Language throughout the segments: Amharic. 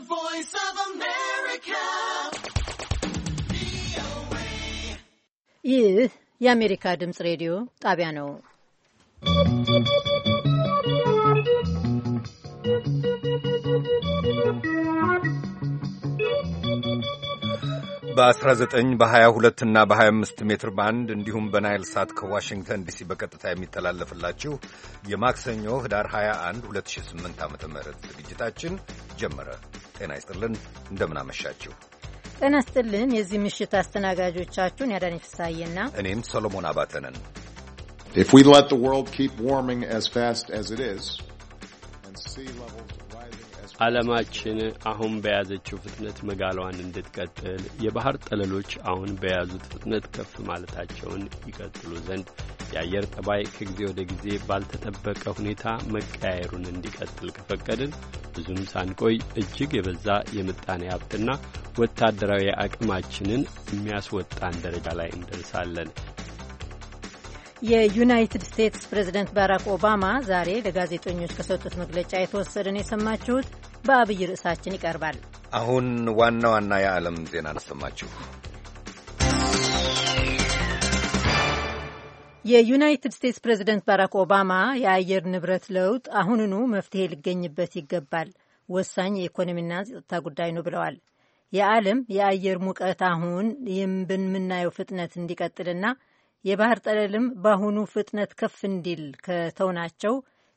The voice of America. ይህ የአሜሪካ ድምፅ ሬዲዮ ጣቢያ ነው። Thank you. በ19 በ22 እና በ25 ሜትር ባንድ እንዲሁም በናይል ሳት ከዋሽንግተን ዲሲ በቀጥታ የሚተላለፍላችሁ የማክሰኞ ህዳር 21 2008 ዓ ም ዝግጅታችን ጀመረ። ጤና ይስጥልን፣ እንደምናመሻችሁ። ጤና ይስጥልን። የዚህ ምሽት አስተናጋጆቻችሁን ያዳነች ፍስሐዬና እኔም ሰሎሞን አባተ ነን። If we let the world keep warming as fast as it is and sea levels ዓለማችን አሁን በያዘችው ፍጥነት መጋሏን እንድትቀጥል የባህር ጠለሎች አሁን በያዙት ፍጥነት ከፍ ማለታቸውን ይቀጥሉ ዘንድ የአየር ጠባይ ከጊዜ ወደ ጊዜ ባልተጠበቀ ሁኔታ መቀያየሩን እንዲቀጥል ከፈቀድን ብዙም ሳንቆይ እጅግ የበዛ የምጣኔ ሀብትና ወታደራዊ አቅማችንን የሚያስወጣን ደረጃ ላይ እንደርሳለን። የዩናይትድ ስቴትስ ፕሬዝደንት ባራክ ኦባማ ዛሬ ለጋዜጠኞች ከሰጡት መግለጫ የተወሰደ የሰማችሁት። በአብይ ርዕሳችን ይቀርባል። አሁን ዋና ዋና የዓለም ዜና አሰማችሁ። የዩናይትድ ስቴትስ ፕሬዚደንት ባራክ ኦባማ የአየር ንብረት ለውጥ አሁንኑ መፍትሄ ሊገኝበት ይገባል፣ ወሳኝ የኢኮኖሚና ጸጥታ ጉዳይ ነው ብለዋል። የዓለም የአየር ሙቀት አሁን በምናየው ፍጥነት እንዲቀጥልና የባህር ጠለልም በአሁኑ ፍጥነት ከፍ እንዲል ከተውናቸው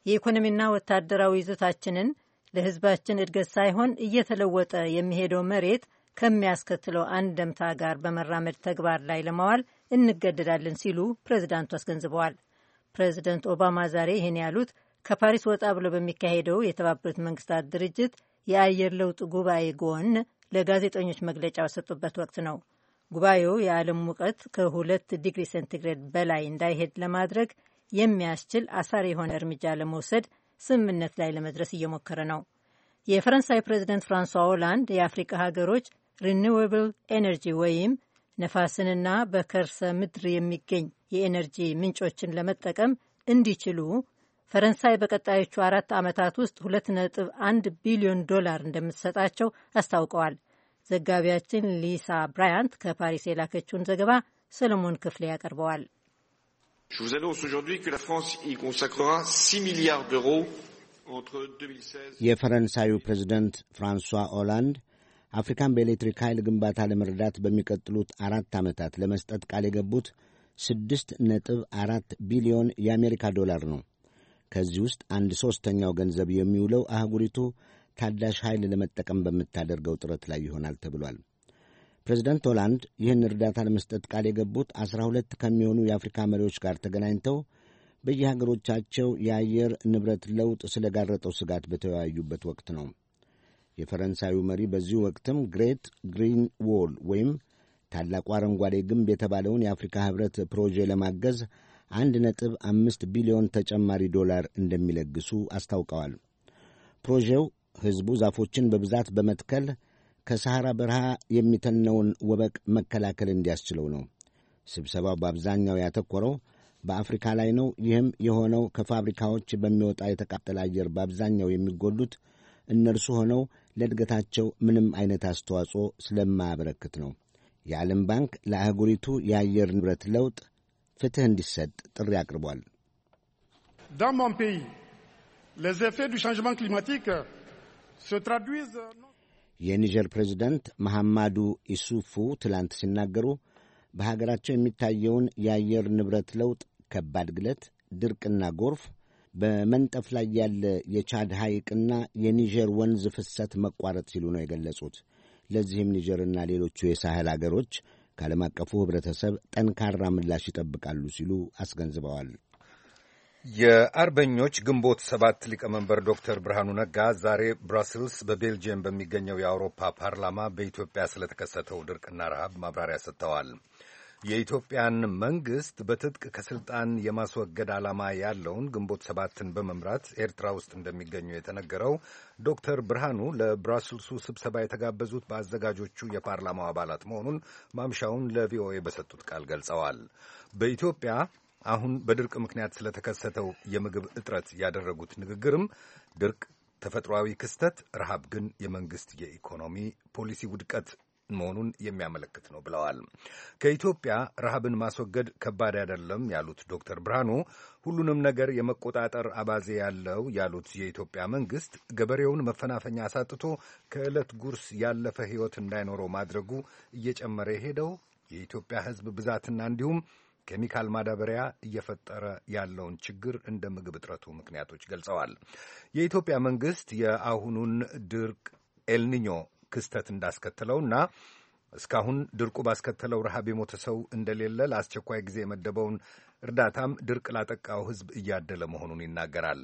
የኢኮኖሚና ወታደራዊ ይዞታችንን ለሕዝባችን እድገት ሳይሆን እየተለወጠ የሚሄደው መሬት ከሚያስከትለው አንደምታ ጋር በመራመድ ተግባር ላይ ለማዋል እንገደዳለን ሲሉ ፕሬዚዳንቱ አስገንዝበዋል። ፕሬዚደንት ኦባማ ዛሬ ይህን ያሉት ከፓሪስ ወጣ ብሎ በሚካሄደው የተባበሩት መንግስታት ድርጅት የአየር ለውጥ ጉባኤ ጎን ለጋዜጠኞች መግለጫ በሰጡበት ወቅት ነው። ጉባኤው የዓለም ሙቀት ከሁለት ዲግሪ ሴንቲግሬድ በላይ እንዳይሄድ ለማድረግ የሚያስችል አሳሪ የሆነ እርምጃ ለመውሰድ ስምምነት ላይ ለመድረስ እየሞከረ ነው። የፈረንሳይ ፕሬዚደንት ፍራንሷ ኦላንድ የአፍሪካ ሀገሮች ሪኒዌብል ኤነርጂ ወይም ነፋስንና በከርሰ ምድር የሚገኝ የኤነርጂ ምንጮችን ለመጠቀም እንዲችሉ ፈረንሳይ በቀጣዮቹ አራት ዓመታት ውስጥ ሁለት ነጥብ አንድ ቢሊዮን ዶላር እንደምትሰጣቸው አስታውቀዋል። ዘጋቢያችን ሊሳ ብራያንት ከፓሪስ የላከችውን ዘገባ ሰለሞን ክፍሌ ያቀርበዋል። Je vous annonce aujourd'hui que la France y consacrera 6 milliards d'euros entre 2016 የፈረንሳዩ ፕሬዚደንት ፍራንሷ ኦላንድ አፍሪካን በኤሌክትሪክ ኃይል ግንባታ ለመርዳት በሚቀጥሉት አራት ዓመታት ለመስጠት ቃል የገቡት ስድስት ነጥብ አራት ቢሊዮን የአሜሪካ ዶላር ነው። ከዚህ ውስጥ አንድ ሦስተኛው ገንዘብ የሚውለው አህጉሪቱ ታዳሽ ኃይል ለመጠቀም በምታደርገው ጥረት ላይ ይሆናል ተብሏል። ፕሬዚደንት ሆላንድ ይህን እርዳታ ለመስጠት ቃል የገቡት አስራ ሁለት ከሚሆኑ የአፍሪካ መሪዎች ጋር ተገናኝተው በየሀገሮቻቸው የአየር ንብረት ለውጥ ስለጋረጠው ስጋት በተወያዩበት ወቅት ነው። የፈረንሳዩ መሪ በዚሁ ወቅትም ግሬት ግሪን ዎል ወይም ታላቁ አረንጓዴ ግንብ የተባለውን የአፍሪካ ህብረት ፕሮጄ ለማገዝ አንድ ነጥብ አምስት ቢሊዮን ተጨማሪ ዶላር እንደሚለግሱ አስታውቀዋል። ፕሮጄው ሕዝቡ ዛፎችን በብዛት በመትከል ከሰሐራ በረሃ የሚተነውን ወበቅ መከላከል እንዲያስችለው ነው። ስብሰባው በአብዛኛው ያተኮረው በአፍሪካ ላይ ነው። ይህም የሆነው ከፋብሪካዎች በሚወጣ የተቃጠለ አየር በአብዛኛው የሚጎሉት እነርሱ ሆነው ለእድገታቸው ምንም አይነት አስተዋጽኦ ስለማያበረክት ነው። የዓለም ባንክ ለአህጉሪቱ የአየር ንብረት ለውጥ ፍትሕ እንዲሰጥ ጥሪ አቅርቧል። ዳን ሞን ፔይ ሌዝ ኤፌ ዱ ሻንጅመንት ክሊማቲክ ሴ ትራዱይዝ የኒጀር ፕሬዚደንት መሐማዱ ኢሱፉ ትላንት ሲናገሩ በሀገራቸው የሚታየውን የአየር ንብረት ለውጥ፣ ከባድ ግለት፣ ድርቅና ጎርፍ፣ በመንጠፍ ላይ ያለ የቻድ ሐይቅና የኒጀር ወንዝ ፍሰት መቋረጥ ሲሉ ነው የገለጹት። ለዚህም ኒጀርና ሌሎቹ የሳህል አገሮች ከዓለም አቀፉ ኅብረተሰብ ጠንካራ ምላሽ ይጠብቃሉ ሲሉ አስገንዝበዋል። የአርበኞች ግንቦት ሰባት ሊቀመንበር ዶክተር ብርሃኑ ነጋ ዛሬ ብራስልስ በቤልጅየም በሚገኘው የአውሮፓ ፓርላማ በኢትዮጵያ ስለተከሰተው ድርቅና ረሃብ ማብራሪያ ሰጥተዋል። የኢትዮጵያን መንግሥት በትጥቅ ከሥልጣን የማስወገድ ዓላማ ያለውን ግንቦት ሰባትን በመምራት ኤርትራ ውስጥ እንደሚገኙ የተነገረው ዶክተር ብርሃኑ ለብራስልሱ ስብሰባ የተጋበዙት በአዘጋጆቹ የፓርላማው አባላት መሆኑን ማምሻውን ለቪኦኤ በሰጡት ቃል ገልጸዋል። በኢትዮጵያ አሁን በድርቅ ምክንያት ስለተከሰተው የምግብ እጥረት ያደረጉት ንግግርም ድርቅ ተፈጥሯዊ ክስተት፣ ረሃብ ግን የመንግስት የኢኮኖሚ ፖሊሲ ውድቀት መሆኑን የሚያመለክት ነው ብለዋል። ከኢትዮጵያ ረሃብን ማስወገድ ከባድ አይደለም ያሉት ዶክተር ብርሃኑ ሁሉንም ነገር የመቆጣጠር አባዜ ያለው ያሉት የኢትዮጵያ መንግስት ገበሬውን መፈናፈኛ አሳጥቶ ከዕለት ጉርስ ያለፈ ሕይወት እንዳይኖረው ማድረጉ እየጨመረ የሄደው የኢትዮጵያ ሕዝብ ብዛትና እንዲሁም ኬሚካል ማዳበሪያ እየፈጠረ ያለውን ችግር እንደ ምግብ እጥረቱ ምክንያቶች ገልጸዋል። የኢትዮጵያ መንግስት የአሁኑን ድርቅ ኤልኒኞ ክስተት እንዳስከተለውና እስካሁን ድርቁ ባስከተለው ረሃብ የሞተ ሰው እንደሌለ ለአስቸኳይ ጊዜ የመደበውን እርዳታም ድርቅ ላጠቃው ሕዝብ እያደለ መሆኑን ይናገራል።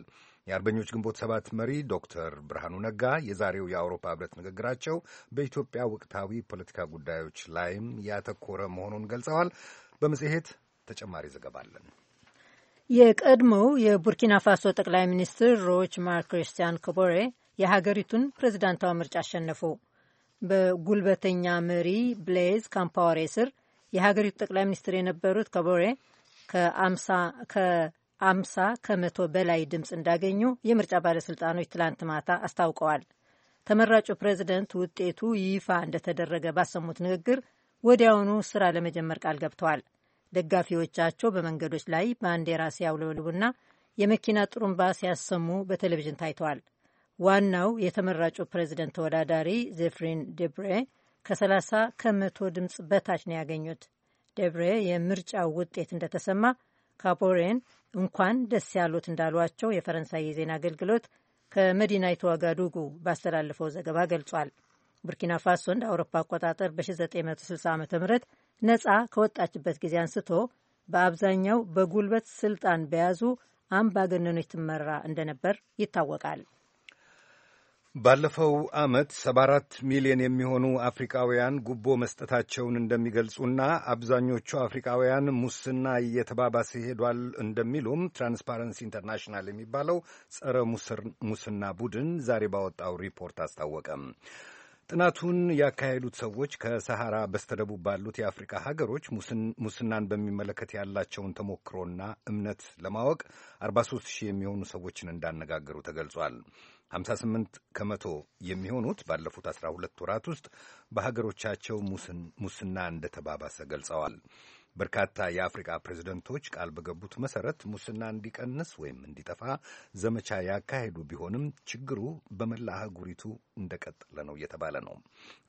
የአርበኞች ግንቦት ሰባት መሪ ዶክተር ብርሃኑ ነጋ የዛሬው የአውሮፓ ህብረት ንግግራቸው በኢትዮጵያ ወቅታዊ ፖለቲካ ጉዳዮች ላይም ያተኮረ መሆኑን ገልጸዋል። በመጽሔት ተጨማሪ ዘገባ አለን። የቀድሞው የቡርኪና ፋሶ ጠቅላይ ሚኒስትር ሮች ማርክ ክርስቲያን ከቦሬ የሀገሪቱን ፕሬዚዳንታዊ ምርጫ አሸነፉ። በጉልበተኛ መሪ ብሌዝ ካምፓወሬ ስር የሀገሪቱ ጠቅላይ ሚኒስትር የነበሩት ከቦሬ ከአምሳ ከመቶ በላይ ድምፅ እንዳገኙ የምርጫ ባለስልጣኖች ትላንት ማታ አስታውቀዋል። ተመራጩ ፕሬዚደንት ውጤቱ ይፋ እንደተደረገ ባሰሙት ንግግር ወዲያውኑ ስራ ለመጀመር ቃል ገብተዋል። ደጋፊዎቻቸው በመንገዶች ላይ ባንዲራ ሲያውለበልቡና የመኪና ጥሩምባ ሲያሰሙ በቴሌቪዥን ታይተዋል። ዋናው የተመራጩ ፕሬዚደንት ተወዳዳሪ ዜፍሪን ደብሬ ከ30 ከመቶ ድምፅ በታች ነው ያገኙት። ደብሬ የምርጫው ውጤት እንደተሰማ ካፖሬን እንኳን ደስ ያሉት እንዳሏቸው የፈረንሳይ የዜና አገልግሎት ከመዲናይቱ ዋጋዱጉ ባስተላለፈው ዘገባ ገልጿል። ቡርኪና ፋሶ እንደ አውሮፓ አቆጣጠር በ1960 ዓ ም ነጻ ከወጣችበት ጊዜ አንስቶ በአብዛኛው በጉልበት ስልጣን በያዙ አምባገነኖች ትመራ እንደነበር ይታወቃል። ባለፈው ዓመት 74 ሚሊዮን የሚሆኑ አፍሪካውያን ጉቦ መስጠታቸውን እንደሚገልጹና አብዛኞቹ አፍሪካውያን ሙስና እየተባባሰ ሄዷል እንደሚሉም ትራንስፓረንሲ ኢንተርናሽናል የሚባለው ጸረ ሙስና ቡድን ዛሬ ባወጣው ሪፖርት አስታወቀም። ጥናቱን ያካሄዱት ሰዎች ከሰሐራ በስተደቡብ ባሉት የአፍሪካ ሀገሮች ሙስናን በሚመለከት ያላቸውን ተሞክሮና እምነት ለማወቅ 43 ሺህ የሚሆኑ ሰዎችን እንዳነጋገሩ ተገልጿል። 58 ከመቶ የሚሆኑት ባለፉት 12 ወራት ውስጥ በሀገሮቻቸው ሙስና እንደተባባሰ ገልጸዋል። በርካታ የአፍሪካ ፕሬዝደንቶች ቃል በገቡት መሰረት ሙስና እንዲቀንስ ወይም እንዲጠፋ ዘመቻ ያካሄዱ ቢሆንም ችግሩ በመላ አህጉሪቱ እንደቀጠለ ነው እየተባለ ነው።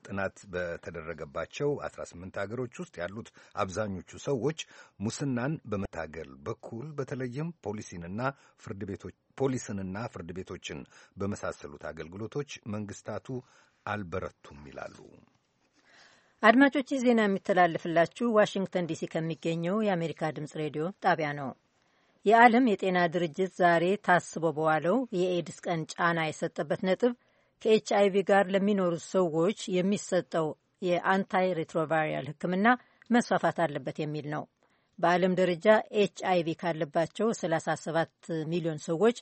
ጥናት በተደረገባቸው 18 ሀገሮች ውስጥ ያሉት አብዛኞቹ ሰዎች ሙስናን በመታገል በኩል በተለይም ፖሊሲንና ፍርድ ቤቶች ፖሊስንና ፍርድ ቤቶችን በመሳሰሉት አገልግሎቶች መንግስታቱ አልበረቱም ይላሉ። አድማጮች ይህ ዜና የሚተላለፍላችሁ ዋሽንግተን ዲሲ ከሚገኘው የአሜሪካ ድምጽ ሬዲዮ ጣቢያ ነው። የዓለም የጤና ድርጅት ዛሬ ታስቦ በዋለው የኤድስ ቀን ጫና የሰጠበት ነጥብ ከኤች ቪ ጋር ለሚኖሩ ሰዎች የሚሰጠው የአንታይ ሬትሮቫሪያል ሕክምና መስፋፋት አለበት የሚል ነው። በዓለም ደረጃ ኤች ቪ ካለባቸው 37 ሚሊዮን ሰዎች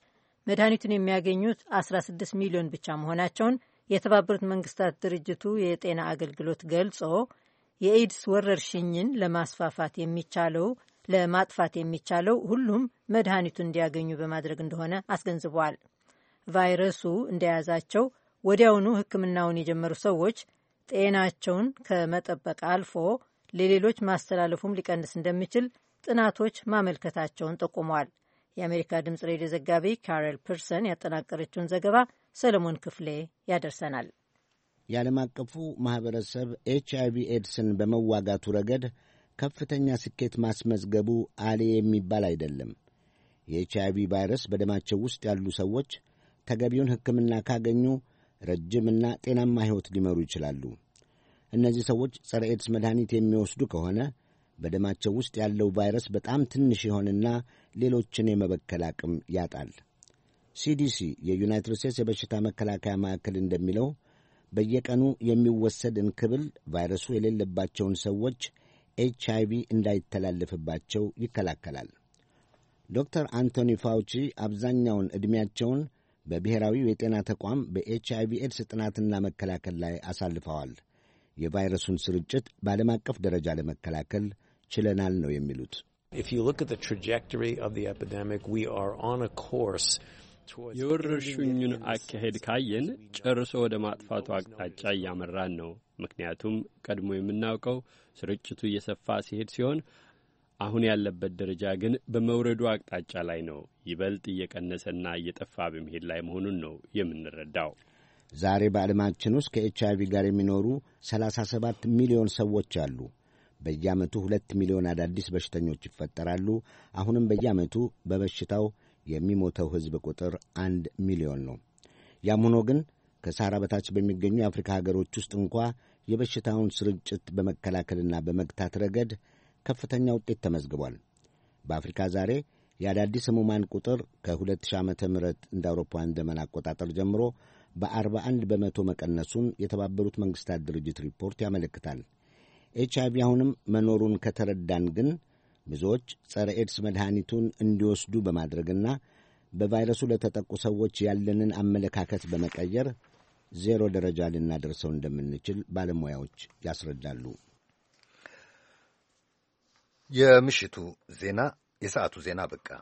መድኃኒቱን የሚያገኙት 16 ሚሊዮን ብቻ መሆናቸውን የተባበሩት መንግስታት ድርጅቱ የጤና አገልግሎት ገልጾ የኤድስ ወረርሽኝን ለማስፋፋት የሚቻለው ለማጥፋት የሚቻለው ሁሉም መድኃኒቱን እንዲያገኙ በማድረግ እንደሆነ አስገንዝቧል። ቫይረሱ እንደያዛቸው ወዲያውኑ ሕክምናውን የጀመሩ ሰዎች ጤናቸውን ከመጠበቅ አልፎ ለሌሎች ማስተላለፉም ሊቀንስ እንደሚችል ጥናቶች ማመልከታቸውን ጠቁመዋል። የአሜሪካ ድምጽ ሬዲዮ ዘጋቢ ካረል ፐርሰን ያጠናቀረችውን ዘገባ ሰለሞን ክፍሌ ያደርሰናል። የዓለም አቀፉ ማኅበረሰብ ኤች አይ ቪ ኤድስን በመዋጋቱ ረገድ ከፍተኛ ስኬት ማስመዝገቡ አሌ የሚባል አይደለም። የኤች አይ ቪ ቫይረስ በደማቸው ውስጥ ያሉ ሰዎች ተገቢውን ሕክምና ካገኙ ረጅምና ጤናማ ሕይወት ሊመሩ ይችላሉ። እነዚህ ሰዎች ጸረ ኤድስ መድኃኒት የሚወስዱ ከሆነ በደማቸው ውስጥ ያለው ቫይረስ በጣም ትንሽ የሆነና ሌሎችን የመበከል አቅም ያጣል። ሲዲሲ የዩናይትድ ስቴትስ የበሽታ መከላከያ ማዕከል እንደሚለው በየቀኑ የሚወሰድ እንክብል ቫይረሱ የሌለባቸውን ሰዎች ኤች አይቪ እንዳይተላለፍባቸው ይከላከላል። ዶክተር አንቶኒ ፋውቺ አብዛኛውን ዕድሜያቸውን በብሔራዊው የጤና ተቋም በኤች አይቪ ኤድስ ጥናትና መከላከል ላይ አሳልፈዋል። የቫይረሱን ስርጭት በዓለም አቀፍ ደረጃ ለመከላከል ችለናል ነው የሚሉት። የወረርሽኙን አካሄድ ካየን ጨርሶ ወደ ማጥፋቱ አቅጣጫ እያመራን ነው። ምክንያቱም ቀድሞ የምናውቀው ስርጭቱ እየሰፋ ሲሄድ ሲሆን አሁን ያለበት ደረጃ ግን በመውረዱ አቅጣጫ ላይ ነው። ይበልጥ እየቀነሰና እየጠፋ በመሄድ ላይ መሆኑን ነው የምንረዳው። ዛሬ በዓለማችን ውስጥ ከኤች አይቪ ጋር የሚኖሩ 37 ሚሊዮን ሰዎች አሉ። በየዓመቱ ሁለት ሚሊዮን አዳዲስ በሽተኞች ይፈጠራሉ። አሁንም በየዓመቱ በበሽታው የሚሞተው ሕዝብ ቁጥር አንድ ሚሊዮን ነው። ያም ሆኖ ግን ከሳራ በታች በሚገኙ የአፍሪካ ሀገሮች ውስጥ እንኳ የበሽታውን ስርጭት በመከላከልና በመግታት ረገድ ከፍተኛ ውጤት ተመዝግቧል። በአፍሪካ ዛሬ የአዳዲስ ሕሙማን ቁጥር ከ2000 ዓ ም እንደ አውሮፓውያን ዘመን አቆጣጠር ጀምሮ በ41 በመቶ መቀነሱን የተባበሩት መንግሥታት ድርጅት ሪፖርት ያመለክታል። ኤች አይቪ አሁንም መኖሩን ከተረዳን ግን ብዙዎች ጸረ ኤድስ መድኃኒቱን እንዲወስዱ በማድረግና በቫይረሱ ለተጠቁ ሰዎች ያለንን አመለካከት በመቀየር ዜሮ ደረጃ ልናደርሰው እንደምንችል ባለሙያዎች ያስረዳሉ። የምሽቱ ዜና የሰዓቱ ዜና በቃ።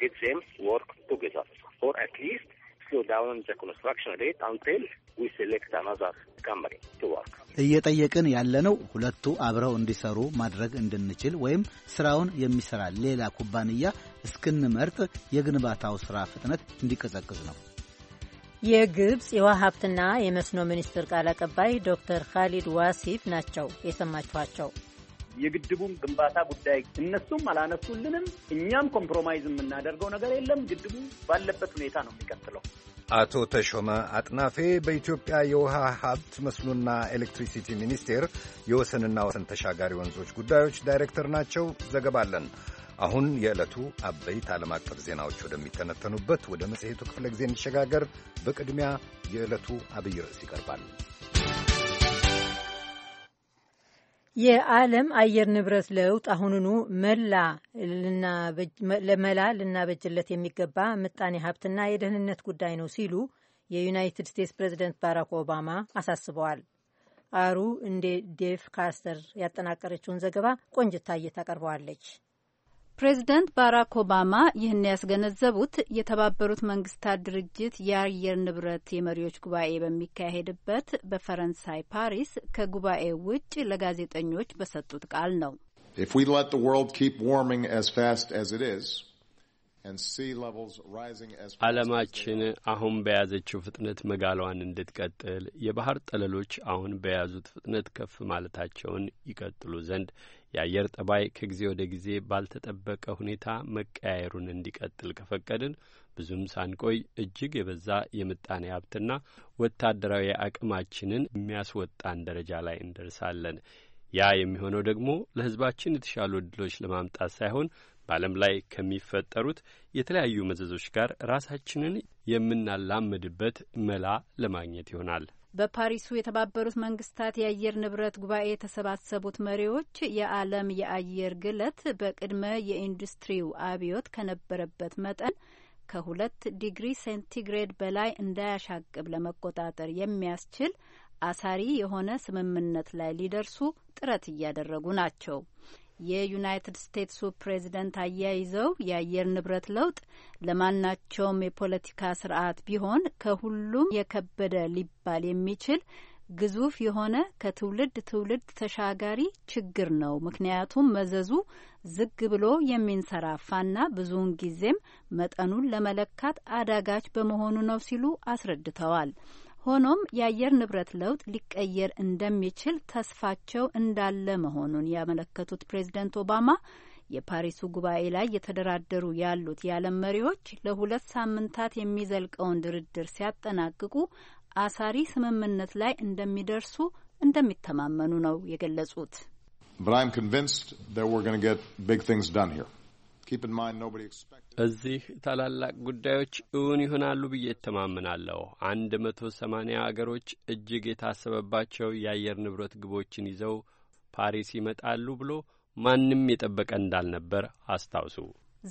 get them to work together or at least slow down the construction rate until we select another company to work። እየጠየቅን ያለነው ሁለቱ አብረው እንዲሰሩ ማድረግ እንድንችል ወይም ስራውን የሚሰራ ሌላ ኩባንያ እስክንመርጥ የግንባታው ስራ ፍጥነት እንዲቀዘቅዝ ነው። የግብፅ የውሃ ሀብትና የመስኖ ሚኒስትር ቃል አቀባይ ዶክተር ካሊድ ዋሲፍ ናቸው የሰማችኋቸው። የግድቡን ግንባታ ጉዳይ እነሱም አላነሱልንም። እኛም ኮምፕሮማይዝ የምናደርገው ነገር የለም። ግድቡ ባለበት ሁኔታ ነው የሚቀጥለው። አቶ ተሾመ አጥናፌ በኢትዮጵያ የውሃ ሀብት መስኖና ኤሌክትሪሲቲ ሚኒስቴር የወሰንና ወሰን ተሻጋሪ ወንዞች ጉዳዮች ዳይሬክተር ናቸው። ዘገባለን። አሁን የዕለቱ አበይት ዓለም አቀፍ ዜናዎች ወደሚተነተኑበት ወደ መጽሔቱ ክፍለ ጊዜ እንሸጋገር። በቅድሚያ የዕለቱ አብይ ርዕስ ይቀርባል። የዓለም አየር ንብረት ለውጥ አሁኑኑ ለመላ ልናበጅለት የሚገባ ምጣኔ ሀብትና የደህንነት ጉዳይ ነው ሲሉ የዩናይትድ ስቴትስ ፕሬዚደንት ባራክ ኦባማ አሳስበዋል። አሩ እንደ ዴቭ ካስተር ያጠናቀረችውን ዘገባ ቆንጅታ ታቀርበዋለች። ፕሬዚደንት ባራክ ኦባማ ይህን ያስገነዘቡት የተባበሩት መንግስታት ድርጅት የአየር ንብረት የመሪዎች ጉባኤ በሚካሄድበት በፈረንሳይ ፓሪስ ከጉባኤ ውጭ ለጋዜጠኞች በሰጡት ቃል ነው። ዓለማችን አሁን በያዘችው ፍጥነት መጋሏን እንድትቀጥል የባህር ጠለሎች አሁን በያዙት ፍጥነት ከፍ ማለታቸውን ይቀጥሉ ዘንድ የአየር ጠባይ ከጊዜ ወደ ጊዜ ባልተጠበቀ ሁኔታ መቀያየሩን እንዲቀጥል ከፈቀድን ብዙም ሳንቆይ እጅግ የበዛ የምጣኔ ሀብትና ወታደራዊ አቅማችንን የሚያስወጣን ደረጃ ላይ እንደርሳለን። ያ የሚሆነው ደግሞ ለሕዝባችን የተሻሉ እድሎች ለማምጣት ሳይሆን በዓለም ላይ ከሚፈጠሩት የተለያዩ መዘዞች ጋር ራሳችንን የምናላምድበት መላ ለማግኘት ይሆናል። በፓሪሱ የተባበሩት መንግስታት የአየር ንብረት ጉባኤ የተሰባሰቡት መሪዎች የዓለም የአየር ግለት በቅድመ የኢንዱስትሪው አብዮት ከነበረበት መጠን ከሁለት ዲግሪ ሴንቲግሬድ በላይ እንዳያሻቅብ ለመቆጣጠር የሚያስችል አሳሪ የሆነ ስምምነት ላይ ሊደርሱ ጥረት እያደረጉ ናቸው። የዩናይትድ ስቴትሱ ፕሬዚደንት አያይዘው የአየር ንብረት ለውጥ ለማናቸውም የፖለቲካ ስርዓት ቢሆን ከሁሉም የከበደ ሊባል የሚችል ግዙፍ የሆነ ከትውልድ ትውልድ ተሻጋሪ ችግር ነው። ምክንያቱም መዘዙ ዝግ ብሎ የሚንሰራፋና ብዙውን ጊዜም መጠኑን ለመለካት አዳጋች በመሆኑ ነው ሲሉ አስረድተዋል። ሆኖም የአየር ንብረት ለውጥ ሊቀየር እንደሚችል ተስፋቸው እንዳለ መሆኑን ያመለከቱት ፕሬዝደንት ኦባማ የፓሪሱ ጉባኤ ላይ የተደራደሩ ያሉት የዓለም መሪዎች ለሁለት ሳምንታት የሚዘልቀውን ድርድር ሲያጠናቅቁ አሳሪ ስምምነት ላይ እንደሚደርሱ እንደሚተማመኑ ነው የገለጹት። But I'm convinced that we're going to get big things done here. እዚህ ታላላቅ ጉዳዮች እውን ይሆናሉ ብዬ እተማመናለሁ። አንድ መቶ ሰማኒያ አገሮች እጅግ የታሰበባቸው የአየር ንብረት ግቦችን ይዘው ፓሪስ ይመጣሉ ብሎ ማንም የጠበቀ እንዳልነበር አስታውሱ።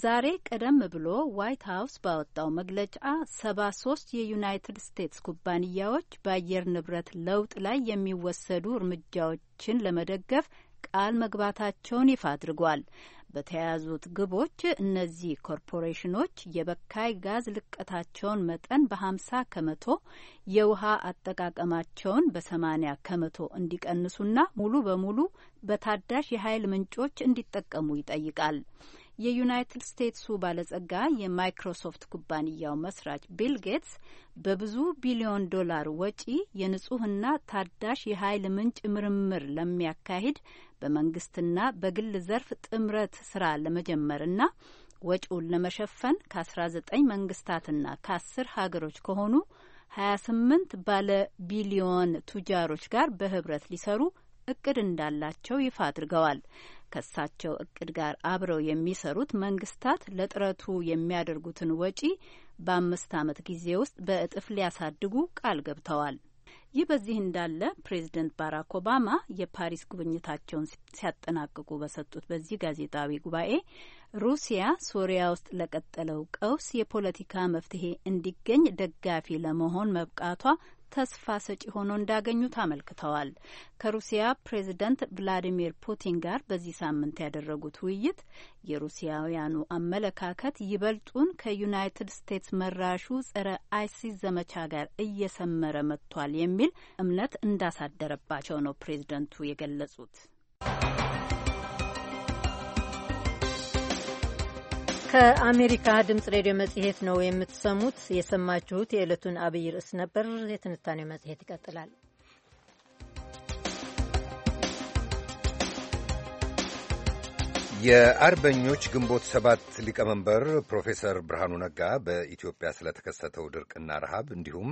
ዛሬ ቀደም ብሎ ዋይት ሀውስ ባወጣው መግለጫ ሰባ ሶስት የዩናይትድ ስቴትስ ኩባንያዎች በአየር ንብረት ለውጥ ላይ የሚወሰዱ እርምጃዎችን ለመደገፍ ቃል መግባታቸውን ይፋ አድርጓል። በተያያዙት ግቦች እነዚህ ኮርፖሬሽኖች የበካይ ጋዝ ልቀታቸውን መጠን በሀምሳ ከመቶ የውሃ አጠቃቀማቸውን በሰማኒያ ከመቶ እንዲቀንሱና ሙሉ በሙሉ በታዳሽ የኃይል ምንጮች እንዲጠቀሙ ይጠይቃል። የዩናይትድ ስቴትሱ ባለጸጋ የማይክሮሶፍት ኩባንያው መስራች ቢል ጌትስ በብዙ ቢሊዮን ዶላር ወጪ የንጹህና ታዳሽ የኃይል ምንጭ ምርምር ለሚያካሂድ በመንግስትና በግል ዘርፍ ጥምረት ስራ ለመጀመርና ወጪውን ለመሸፈን ከ19 መንግስታትና ከ10 ሀገሮች ከሆኑ 28 ባለ ቢሊዮን ቱጃሮች ጋር በህብረት ሊሰሩ እቅድ እንዳላቸው ይፋ አድርገዋል። ከሳቸው እቅድ ጋር አብረው የሚሰሩት መንግስታት ለጥረቱ የሚያደርጉትን ወጪ በአምስት ዓመት ጊዜ ውስጥ በእጥፍ ሊያሳድጉ ቃል ገብተዋል። ይህ በዚህ እንዳለ ፕሬዚደንት ባራክ ኦባማ የፓሪስ ጉብኝታቸውን ሲያጠናቅቁ በሰጡት በዚህ ጋዜጣዊ ጉባኤ ሩሲያ ሶሪያ ውስጥ ለቀጠለው ቀውስ የፖለቲካ መፍትሄ እንዲገኝ ደጋፊ ለመሆን መብቃቷ ተስፋ ሰጪ ሆኖ እንዳገኙት አመልክተዋል። ከሩሲያ ፕሬዚደንት ቭላዲሚር ፑቲን ጋር በዚህ ሳምንት ያደረጉት ውይይት የሩሲያውያኑ አመለካከት ይበልጡን ከዩናይትድ ስቴትስ መራሹ ጸረ አይሲስ ዘመቻ ጋር እየሰመረ መጥቷል የሚል እምነት እንዳሳደረባቸው ነው ፕሬዚደንቱ የገለጹት። ከአሜሪካ ድምፅ ሬዲዮ መጽሔት ነው የምትሰሙት። የሰማችሁት የዕለቱን አብይ ርዕስ ነበር። የትንታኔው መጽሔት ይቀጥላል። የአርበኞች ግንቦት ሰባት ሊቀመንበር ፕሮፌሰር ብርሃኑ ነጋ በኢትዮጵያ ስለተከሰተው ድርቅና ረሃብ እንዲሁም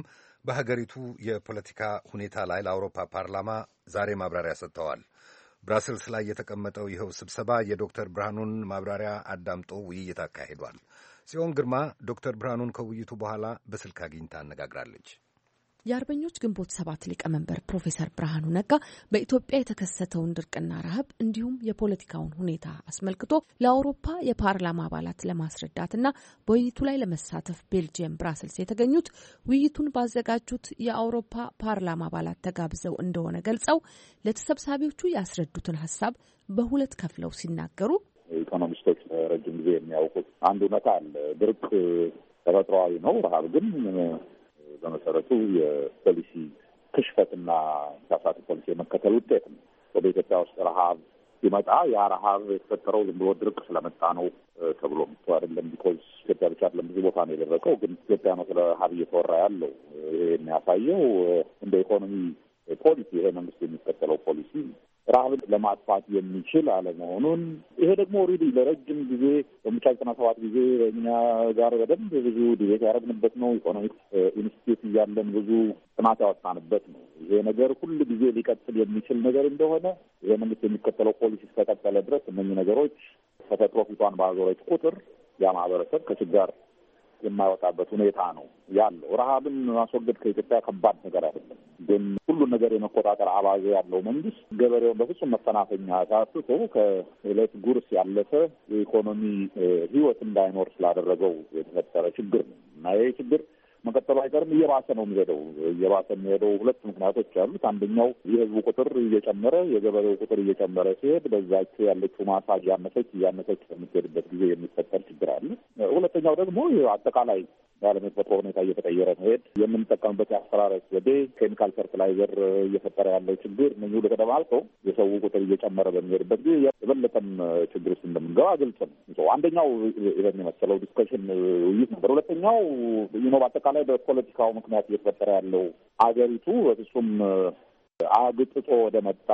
በሀገሪቱ የፖለቲካ ሁኔታ ላይ ለአውሮፓ ፓርላማ ዛሬ ማብራሪያ ሰጥተዋል። ብራስልስ ላይ የተቀመጠው ይኸው ስብሰባ የዶክተር ብርሃኑን ማብራሪያ አዳምጦ ውይይት አካሂዷል። ጽዮን ግርማ ዶክተር ብርሃኑን ከውይይቱ በኋላ በስልክ አግኝታ አነጋግራለች። የአርበኞች ግንቦት ሰባት ሊቀመንበር ፕሮፌሰር ብርሃኑ ነጋ በኢትዮጵያ የተከሰተውን ድርቅና ረሃብ እንዲሁም የፖለቲካውን ሁኔታ አስመልክቶ ለአውሮፓ የፓርላማ አባላት ለማስረዳትና በውይይቱ ላይ ለመሳተፍ ቤልጅየም ብራስልስ የተገኙት ውይይቱን ባዘጋጁት የአውሮፓ ፓርላማ አባላት ተጋብዘው እንደሆነ ገልጸው ለተሰብሳቢዎቹ ያስረዱትን ሀሳብ በሁለት ከፍለው ሲናገሩ ኢኮኖሚስቶች ረጅም ጊዜ የሚያውቁት አንድ እውነታ አለ። ድርቅ ተፈጥሯዊ ነው። ረሃብ ግን በመሰረቱ የፖሊሲ ክሽፈትና ሳሳት ፖሊሲ የመከተል ውጤት ነው። ወደ ኢትዮጵያ ውስጥ ረሀብ ሲመጣ ያ ረሀብ የተፈጠረው ዝም ብሎ ድርቅ ስለመጣ ነው ተብሎ ምቶ አይደለም። ቢኮዝ ኢትዮጵያ ብቻ አይደለም ብዙ ቦታ ነው የደረቀው፣ ግን ኢትዮጵያ ነው ስለ ረሀብ እየተወራ ያለው። ይሄ የሚያሳየው እንደ ኢኮኖሚ ፖሊሲ ይሄ መንግስት የሚከተለው ፖሊሲ ረሃብን ለማጥፋት የሚችል አለመሆኑን ይሄ ደግሞ ኦልሬዲ ለረጅም ጊዜ በምቻ ዘጠና ሰባት ጊዜ በእኛ ጋር በደንብ ብዙ ዲቤት ያደረግንበት ነው። ኢኮኖሚክ ኢንስቲትዩት እያለን ብዙ ጥናት ያወጣንበት ነው። ይሄ ነገር ሁል ጊዜ ሊቀጥል የሚችል ነገር እንደሆነ ይሄ መንግስት የሚከተለው ፖሊሲ እስከቀጠለ ድረስ እነኚህ ነገሮች ተፈጥሮ ፊቷን ባዞረች ቁጥር ያ ማህበረሰብ ከችጋር የማይወጣበት ሁኔታ ነው ያለው። ረሃብን ማስወገድ ከኢትዮጵያ ከባድ ነገር አይደለም፣ ግን ሁሉን ነገር የመቆጣጠር አባዜ ያለው መንግስት ገበሬውን በፍጹም መፈናፈኛ ሳስቶ ከእለት ጉርስ ያለፈ የኢኮኖሚ ህይወት እንዳይኖር ስላደረገው የተፈጠረ ችግር ነው እና ይህ ችግር መቀጠሉ አይቀርም። እየባሰ ነው የሚሄደው። እየባሰ የሚሄደው ሁለት ምክንያቶች አሉት። አንደኛው የህዝቡ ቁጥር እየጨመረ የገበሬው ቁጥር እየጨመረ ሲሄድ በዛቸው ያለችው ማሳ እያነሰች እያነሰች በምትሄድበት ጊዜ የሚፈጠር ችግር አለ። ሁለተኛው ደግሞ አጠቃላይ የዓለም የተፈጥሮ ሁኔታ እየተቀየረ መሄድ፣ የምንጠቀምበት የአሰራረስ ዘዴ፣ ኬሚካል ፈርትላይዘር እየፈጠረ ያለው ችግር እነዚህ ሁሉ ተደባልቀው የሰው ቁጥር እየጨመረ በሚሄድበት ጊዜ የበለጠም ችግር ውስጥ እንደምንገባ ግልጽ ነው። አንደኛው ይሄን የመሰለው ዲስከሽን ውይይት ነበር። ሁለተኛው ነው በአጠቃላይ በአጠቃላይ በፖለቲካው ምክንያት እየተፈጠረ ያለው አገሪቱ በፍጹም አግጥጦ ወደ መጣ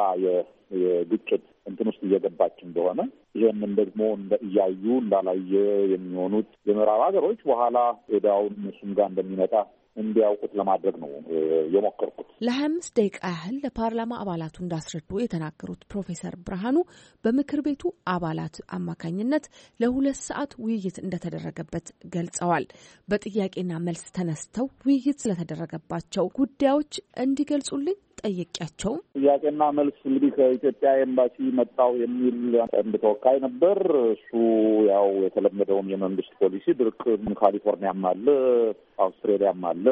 የግጭት እንትን ውስጥ እየገባች እንደሆነ ይህንን ደግሞ እያዩ እንዳላየ የሚሆኑት የምዕራብ ሀገሮች በኋላ ወዳውን እሱም ጋር እንደሚመጣ እንዲያውቁት ለማድረግ ነው የሞከርኩት። ለሀያ አምስት ደቂቃ ያህል ለፓርላማ አባላቱ እንዳስረዱ የተናገሩት ፕሮፌሰር ብርሃኑ በምክር ቤቱ አባላት አማካኝነት ለሁለት ሰዓት ውይይት እንደተደረገበት ገልጸዋል። በጥያቄና መልስ ተነስተው ውይይት ስለተደረገባቸው ጉዳዮች እንዲገልጹልኝ ጠየቂያቸውም ጥያቄና መልስ እንግዲህ ከኢትዮጵያ ኤምባሲ መጣው የሚል አንድ ተወካይ ነበር። እሱ ያው የተለመደውን የመንግስት ፖሊሲ ድርቅ ካሊፎርኒያም አለ አውስትሬሊያም አለ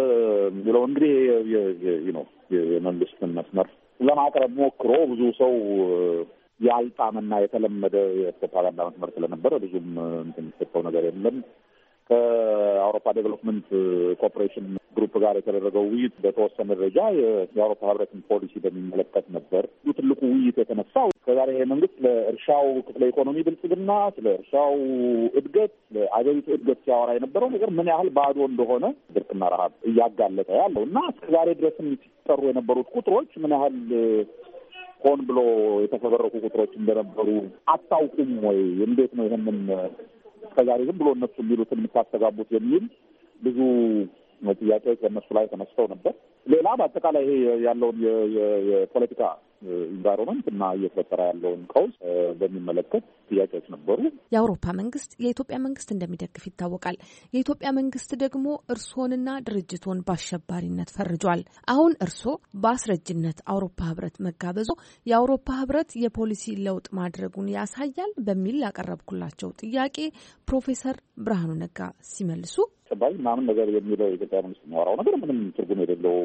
የሚለው እንግዲህ ነው የመንግስትን መስመር ለማቅረብ ሞክሮ ብዙ ሰው ያልጣምና የተለመደ የፕሮፓጋንዳ መስመር ስለነበረ ብዙም እንትን የሚሰጠው ነገር የለም። ከአውሮፓ ዴቨሎፕመንት ኮርፖሬሽን ግሩፕ ጋር የተደረገው ውይይት በተወሰነ ደረጃ የአውሮፓ ህብረትን ፖሊሲ በሚመለከት ነበር። ትልቁ ውይይት የተነሳው ከዛሬ መንግስት ለእርሻው ክፍለ ኢኮኖሚ ብልጽግና፣ ስለ እርሻው እድገት፣ ለአገሪቱ እድገት ሲያወራ የነበረው ነገር ምን ያህል ባዶ እንደሆነ ድርቅና ረሀብ እያጋለጠ ያለው እና እስከዛሬ ድረስም ሲጠሩ የነበሩት ቁጥሮች ምን ያህል ሆን ብሎ የተፈበረኩ ቁጥሮች እንደነበሩ አታውቁም ወይ? እንዴት ነው ይህንን እስከዛሬ ዝም ብሎ እነሱ የሚሉትን የምታስተጋቡት የሚል ብዙ ጥያቄዎች በእነሱ ላይ ተነስተው ነበር። ሌላ በአጠቃላይ ይሄ ያለውን የፖለቲካ ኢንቫይሮንመንት እና እየተፈጠረ ያለውን ቀውስ በሚመለከት ጥያቄዎች ነበሩ። የአውሮፓ መንግስት የኢትዮጵያ መንግስት እንደሚደግፍ ይታወቃል። የኢትዮጵያ መንግስት ደግሞ እርስዎንና ድርጅቶን በአሸባሪነት ፈርጇል። አሁን እርስዎ በአስረጅነት አውሮፓ ህብረት መጋበዞ የአውሮፓ ህብረት የፖሊሲ ለውጥ ማድረጉን ያሳያል በሚል ያቀረብኩላቸው ጥያቄ ፕሮፌሰር ብርሃኑ ነጋ ሲመልሱ ጭባጭ ምናምን ነገር የሚለው የኢትዮጵያ መንግስት የሚያወራው ነገር ምንም ትርጉም የሌለው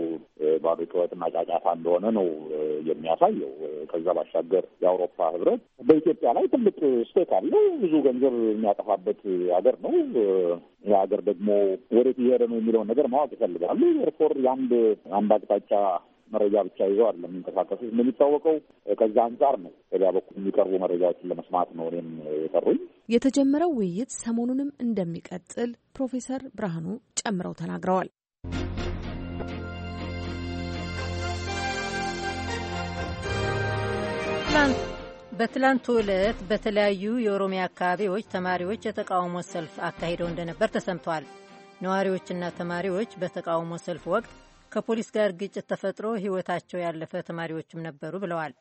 ባዶ ጩኸትና ጫጫታ እንደሆነ ነው የሚያሳየው። ከዛ ባሻገር የአውሮፓ ህብረት በኢትዮጵያ ላይ ትልቅ ስቴክ አለው። ብዙ ገንዘብ የሚያጠፋበት ሀገር ነው። የሀገር ደግሞ ወዴት እየሄደ ነው የሚለውን ነገር ማወቅ ይፈልጋሉ። ፎር የአንድ አንድ አቅጣጫ መረጃ ብቻ ይዘው አይደለም የሚንቀሳቀሱ እንደሚታወቀው። ከዛ አንጻር ነው በዚያ በኩል የሚቀርቡ መረጃዎችን ለመስማት ነው እኔም የጠሩኝ። የተጀመረው ውይይት ሰሞኑንም እንደሚቀጥል ፕሮፌሰር ብርሃኑ ጨምረው ተናግረዋል። በትላንቱ ዕለት በተለያዩ የኦሮሚያ አካባቢዎች ተማሪዎች የተቃውሞ ሰልፍ አካሂደው እንደነበር ተሰምተዋል። ነዋሪዎችና ተማሪዎች በተቃውሞ ሰልፍ ወቅት ከፖሊስ ጋር ግጭት ተፈጥሮ ሕይወታቸው ያለፈ ተማሪዎችም ነበሩ ብለዋል።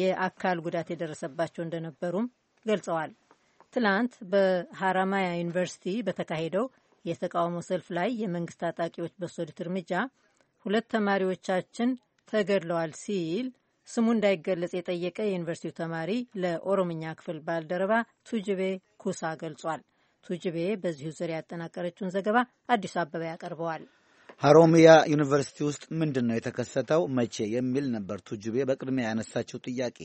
የአካል ጉዳት የደረሰባቸው እንደነበሩም ገልጸዋል። ትላንት በሀራማያ ዩኒቨርሲቲ በተካሄደው የተቃውሞ ሰልፍ ላይ የመንግስት ታጣቂዎች በወሰዱት እርምጃ ሁለት ተማሪዎቻችን ተገድለዋል ሲል ስሙ እንዳይገለጽ የጠየቀ የዩኒቨርሲቲው ተማሪ ለኦሮምኛ ክፍል ባልደረባ ቱጅቤ ኩሳ ገልጿል። ቱጅቤ በዚሁ ዙሪያ ያጠናቀረችውን ዘገባ አዲሱ አበባ ያቀርበዋል። ሀሮሚያ ዩኒቨርሲቲ ውስጥ ምንድን ነው የተከሰተው? መቼ የሚል ነበር ቱጁቤ በቅድሚያ ያነሳችው ጥያቄ።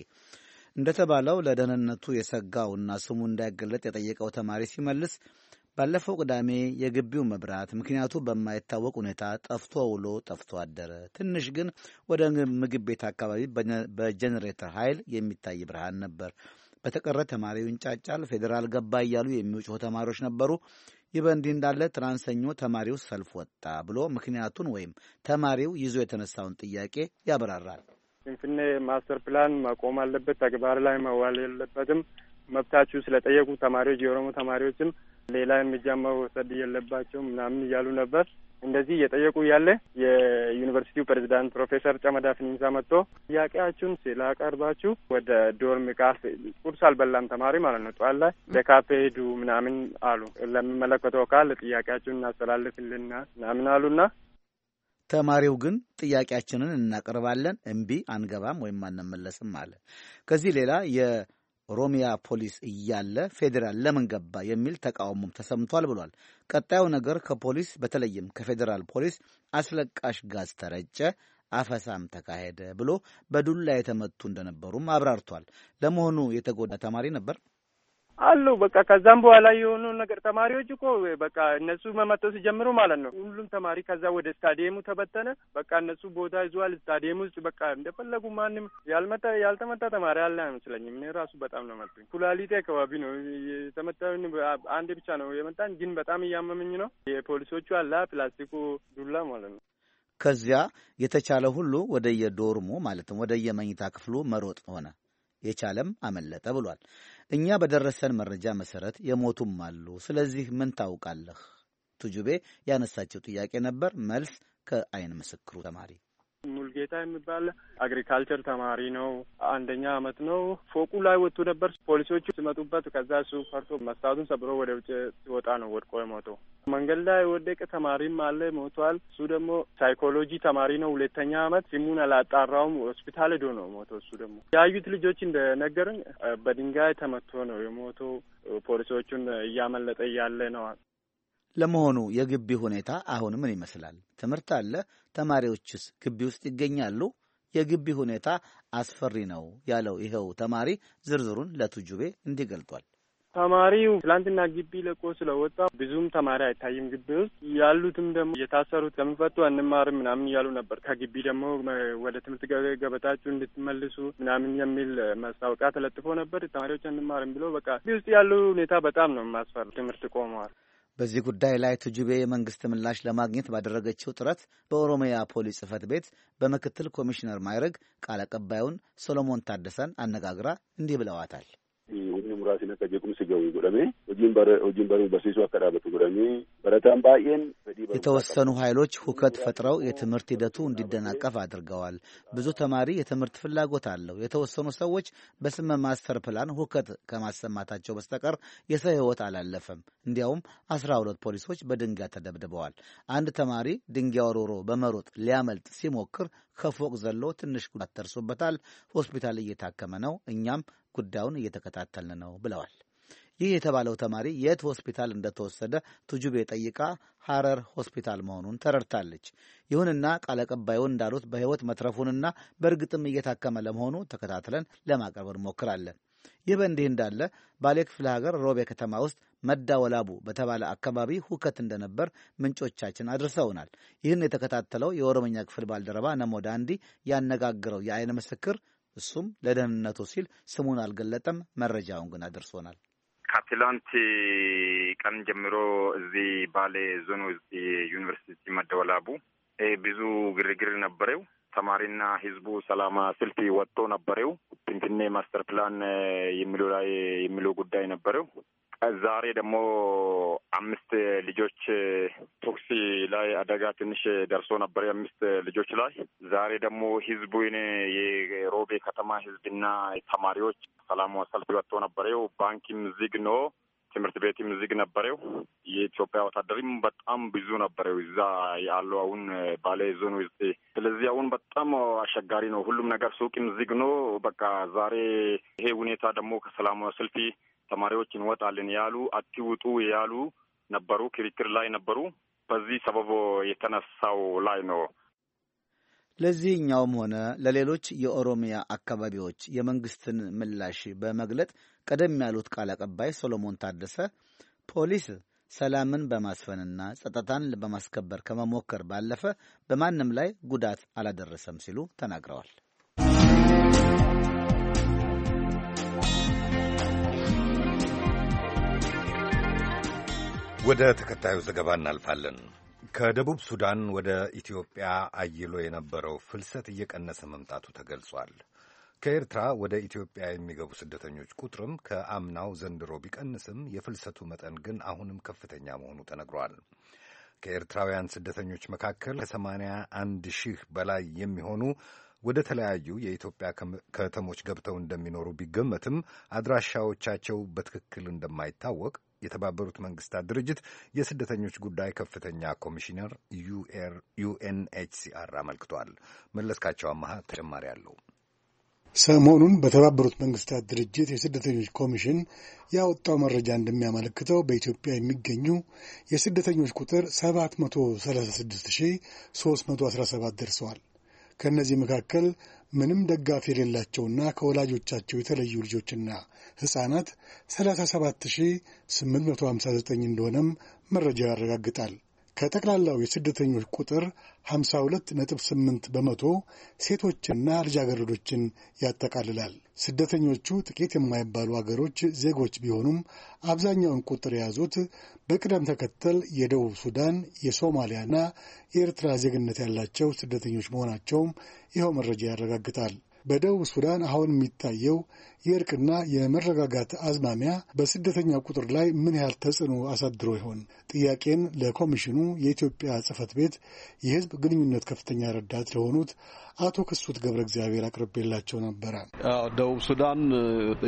እንደተባለው ለደህንነቱ የሰጋው ስሙ እንዳይገለጥ የጠየቀው ተማሪ ሲመልስ ባለፈው ቅዳሜ የግቢው መብራት ምክንያቱ በማይታወቅ ሁኔታ ጠፍቶ ውሎ ጠፍቶ አደረ። ትንሽ ግን ወደ ምግብ ቤት አካባቢ በጀኔሬተር ኃይል የሚታይ ብርሃን ነበር። በተቀረ ተማሪው ይንጫጫል፣ ፌዴራል ገባ እያሉ የሚውጩ ተማሪዎች ነበሩ። ይህ በእንዲህ እንዳለ ትናንት ሰኞ ተማሪው ሰልፍ ወጣ ብሎ ምክንያቱን ወይም ተማሪው ይዞ የተነሳውን ጥያቄ ያብራራል። ስንፍኔ ማስተር ፕላን መቆም አለበት፣ ተግባር ላይ መዋል የለበትም። መብታችሁ ስለጠየቁ ተማሪዎች የኦሮሞ ተማሪዎችም ሌላ እርምጃ መወሰድ የለባቸው ምናምን እያሉ ነበር። እንደዚህ እየጠየቁ ያለ የዩኒቨርሲቲው ፕሬዚዳንት ፕሮፌሰር ጨመዳ ፊኒንሳ መጥቶ ጥያቄያችሁን ስላቀርባችሁ ወደ ዶርም ቃፍ ቁርስ አልበላም ተማሪ ማለት ነው። ጠዋት ላይ ለካፌ ሄዱ ምናምን አሉ። ለሚመለከተው ካል ጥያቄያችሁን እናስተላልፍልና ምናምን አሉና ተማሪው ግን ጥያቄያችንን እናቀርባለን፣ እምቢ አንገባም ወይም አንመለስም አለ። ከዚህ ሌላ ኦሮሚያ ፖሊስ እያለ ፌዴራል ለምን ገባ የሚል ተቃውሞም ተሰምቷል ብሏል። ቀጣዩ ነገር ከፖሊስ በተለይም ከፌዴራል ፖሊስ አስለቃሽ ጋዝ ተረጨ፣ አፈሳም ተካሄደ ብሎ በዱላ የተመቱ እንደነበሩም አብራርቷል። ለመሆኑ የተጎዳ ተማሪ ነበር? አሉ በቃ ከዛም በኋላ የሆኑ ነገር ተማሪዎች እኮ በቃ እነሱ መመጠው ሲጀምሩ ማለት ነው ሁሉም ተማሪ ከዛ ወደ ስታዲየሙ ተበተነ። በቃ እነሱ ቦታ ይዘዋል ስታዲየም ውስጥ በቃ እንደፈለጉ ማንም ያልመጠ ያልተመጣ ተማሪ አለ አይመስለኝም። እኔ ራሱ በጣም ነው መጡኝ። ኩላሊቴ አካባቢ ነው የተመታ። አንድ ብቻ ነው የመጣን፣ ግን በጣም እያመመኝ ነው። የፖሊሶቹ አለ ፕላስቲኩ ዱላ ማለት ነው። ከዚያ የተቻለ ሁሉ ወደ የዶርሙ ማለትም ወደ የመኝታ ክፍሉ መሮጥ ሆነ። የቻለም አመለጠ ብሏል። እኛ በደረሰን መረጃ መሰረት የሞቱም አሉ። ስለዚህ ምን ታውቃለህ? ቱጁቤ ያነሳቸው ጥያቄ ነበር። መልስ ከአይን ምስክሩ ተማሪ ሙልጌታ የሚባል አግሪካልቸር ተማሪ ነው። አንደኛ አመት ነው። ፎቁ ላይ ወጥቶ ነበር ፖሊሶቹ ሲመጡበት፣ ከዛ እሱ ፈርቶ መስታቱን ሰብሮ ወደ ውጭ ሲወጣ ነው ወድቆ የሞተው። መንገድ ላይ ወደቀ። ተማሪም አለ ሞቷል። እሱ ደግሞ ሳይኮሎጂ ተማሪ ነው፣ ሁለተኛ አመት። ሲሙን አላጣራውም። ሆስፒታል ሄዶ ነው ሞቶ። እሱ ደግሞ ያዩት ልጆች እንደነገሩኝ በድንጋይ ተመቶ ነው የሞቶ። ፖሊሶቹን እያመለጠ እያለ ነው። ለመሆኑ የግቢ ሁኔታ አሁን ምን ይመስላል? ትምህርት አለ? ተማሪዎችስ ግቢ ውስጥ ይገኛሉ? የግቢ ሁኔታ አስፈሪ ነው ያለው ይኸው ተማሪ ዝርዝሩን ለቱጁቤ እንዲህ ገልጧል። ተማሪው ትላንትና ግቢ ለቆ ስለወጣ ብዙም ተማሪ አይታይም ግቢ ውስጥ ያሉትም ደግሞ የታሰሩት ከምፈቱ አንማር ምናምን እያሉ ነበር። ከግቢ ደግሞ ወደ ትምህርት ገበታችሁ እንድትመልሱ ምናምን የሚል ማስታወቂያ ተለጥፎ ነበር። ተማሪዎች አንማርም ብሎ በቃ ግቢ ውስጥ ያሉ ሁኔታ በጣም ነው የማስፈራ። ትምህርት ቆመዋል። በዚህ ጉዳይ ላይ ትጁቤ የመንግሥት ምላሽ ለማግኘት ባደረገችው ጥረት በኦሮሚያ ፖሊስ ጽፈት ቤት በምክትል ኮሚሽነር ማይረግ ቃል አቀባዩን ሶሎሞን ታደሰን አነጋግራ እንዲህ ብለዋታል። humni muraasni akka jeequmsi gahu godhamee hojiin baruu barsiisuu akka dhaabatu godhamee barataan baay'een የተወሰኑ ኃይሎች ሁከት ፈጥረው የትምህርት ሂደቱ እንዲደናቀፍ አድርገዋል። ብዙ ተማሪ የትምህርት ፍላጎት አለው። የተወሰኑ ሰዎች በስመ ማስተር ፕላን ሁከት ከማሰማታቸው በስተቀር የሰው ሕይወት አላለፈም። እንዲያውም አስራ ሁለት ፖሊሶች በድንጋይ ተደብድበዋል። አንድ ተማሪ ድንጋይ ወርውሮ በመሮጥ ሊያመልጥ ሲሞክር ከፎቅ ዘሎ ትንሽ ጉዳት ደርሶበታል። ሆስፒታል እየታከመ ነው። እኛም ጉዳዩን እየተከታተልን ነው ብለዋል። ይህ የተባለው ተማሪ የት ሆስፒታል እንደተወሰደ ቱጁቤ ጠይቃ ሐረር ሆስፒታል መሆኑን ተረድታለች። ይሁንና ቃል አቀባዩ እንዳሉት በሕይወት መትረፉንና በእርግጥም እየታከመ ለመሆኑ ተከታትለን ለማቅረብ እንሞክራለን። ይህ በእንዲህ እንዳለ ባሌ ክፍለ ሀገር ሮቤ ከተማ ውስጥ መዳወላቡ በተባለ አካባቢ ሁከት እንደነበር ምንጮቻችን አድርሰውናል። ይህን የተከታተለው የኦሮምኛ ክፍል ባልደረባ ነሞዳ እንዲ ያነጋግረው የአይን ምስክር እሱም ለደህንነቱ ሲል ስሙን አልገለጠም። መረጃውን ግን አድርሶናል። ከትላንት ቀን ጀምሮ እዚህ ባሌ ዞን ውስጥ ዩኒቨርሲቲ መደወላቡ ብዙ ግርግር ነበረው። ተማሪና ህዝቡ ሰላማ ሰልፍ ወጥቶ ነበረው። ትንትኔ ማስተር ፕላን የሚሉ ላይ የሚሉ ጉዳይ ነበረው። ዛሬ ደግሞ አምስት ልጆች ቶክሲ ላይ አደጋ ትንሽ ደርሶ ነበር። የአምስት ልጆች ላይ ዛሬ ደግሞ ህዝቡን የሮቤ ከተማ ህዝብና ተማሪዎች ሰላሙ ሰልፍ ወጥቶ ነበረው። ባንክም ዝግ ነው። ትምህርት ቤትም ዝግ ነበረው። የኢትዮጵያ ወታደሪም በጣም ብዙ ነበረው እዛ ያለው አሁን ባሌ ዞን ውስጥ። ስለዚህ አሁን በጣም አስቸጋሪ ነው ሁሉም ነገር፣ ሱቅም ዝግ ነው። በቃ ዛሬ ይሄ ሁኔታ ደግሞ ከሰላሙ ሰልፍ ተማሪዎች እንወጣልን ያሉ አትውጡ ያሉ ነበሩ፣ ክርክር ላይ ነበሩ። በዚህ ሰበብ የተነሳው ላይ ነው። ለዚህኛውም ሆነ ለሌሎች የኦሮሚያ አካባቢዎች የመንግስትን ምላሽ በመግለጥ ቀደም ያሉት ቃል አቀባይ ሶሎሞን ታደሰ ፖሊስ ሰላምን በማስፈንና ጸጥታን በማስከበር ከመሞከር ባለፈ በማንም ላይ ጉዳት አላደረሰም ሲሉ ተናግረዋል። ወደ ተከታዩ ዘገባ እናልፋለን። ከደቡብ ሱዳን ወደ ኢትዮጵያ አይሎ የነበረው ፍልሰት እየቀነሰ መምጣቱ ተገልጿል። ከኤርትራ ወደ ኢትዮጵያ የሚገቡ ስደተኞች ቁጥርም ከአምናው ዘንድሮ ቢቀንስም የፍልሰቱ መጠን ግን አሁንም ከፍተኛ መሆኑ ተነግሯል። ከኤርትራውያን ስደተኞች መካከል ከሰማንያ አንድ ሺህ በላይ የሚሆኑ ወደ ተለያዩ የኢትዮጵያ ከተሞች ገብተው እንደሚኖሩ ቢገመትም አድራሻዎቻቸው በትክክል እንደማይታወቅ የተባበሩት መንግስታት ድርጅት የስደተኞች ጉዳይ ከፍተኛ ኮሚሽነር ዩኤንኤችሲአር አመልክቷል። መለስካቸው አማሃ ተጨማሪ አለው። ሰሞኑን በተባበሩት መንግስታት ድርጅት የስደተኞች ኮሚሽን ያወጣው መረጃ እንደሚያመለክተው በኢትዮጵያ የሚገኙ የስደተኞች ቁጥር 736,317 ደርሰዋል። ከእነዚህ መካከል ምንም ደጋፊ የሌላቸውና ከወላጆቻቸው የተለዩ ልጆችና ሕፃናት 37859 እንደሆነም መረጃው ያረጋግጣል። ከጠቅላላው የስደተኞች ቁጥር 52.8 በመቶ ሴቶችንና ልጃገረዶችን ያጠቃልላል። ስደተኞቹ ጥቂት የማይባሉ አገሮች ዜጎች ቢሆኑም አብዛኛውን ቁጥር የያዙት በቅደም ተከተል የደቡብ ሱዳን፣ የሶማሊያና የኤርትራ ዜግነት ያላቸው ስደተኞች መሆናቸውም ይኸው መረጃ ያረጋግጣል። በደቡብ ሱዳን አሁን የሚታየው የእርቅና የመረጋጋት አዝማሚያ በስደተኛ ቁጥር ላይ ምን ያህል ተጽዕኖ አሳድሮ ይሆን? ጥያቄን ለኮሚሽኑ የኢትዮጵያ ጽህፈት ቤት የህዝብ ግንኙነት ከፍተኛ ረዳት ለሆኑት አቶ ክሱት ገብረ እግዚአብሔር አቅርቤላቸው ነበረ። ደቡብ ሱዳን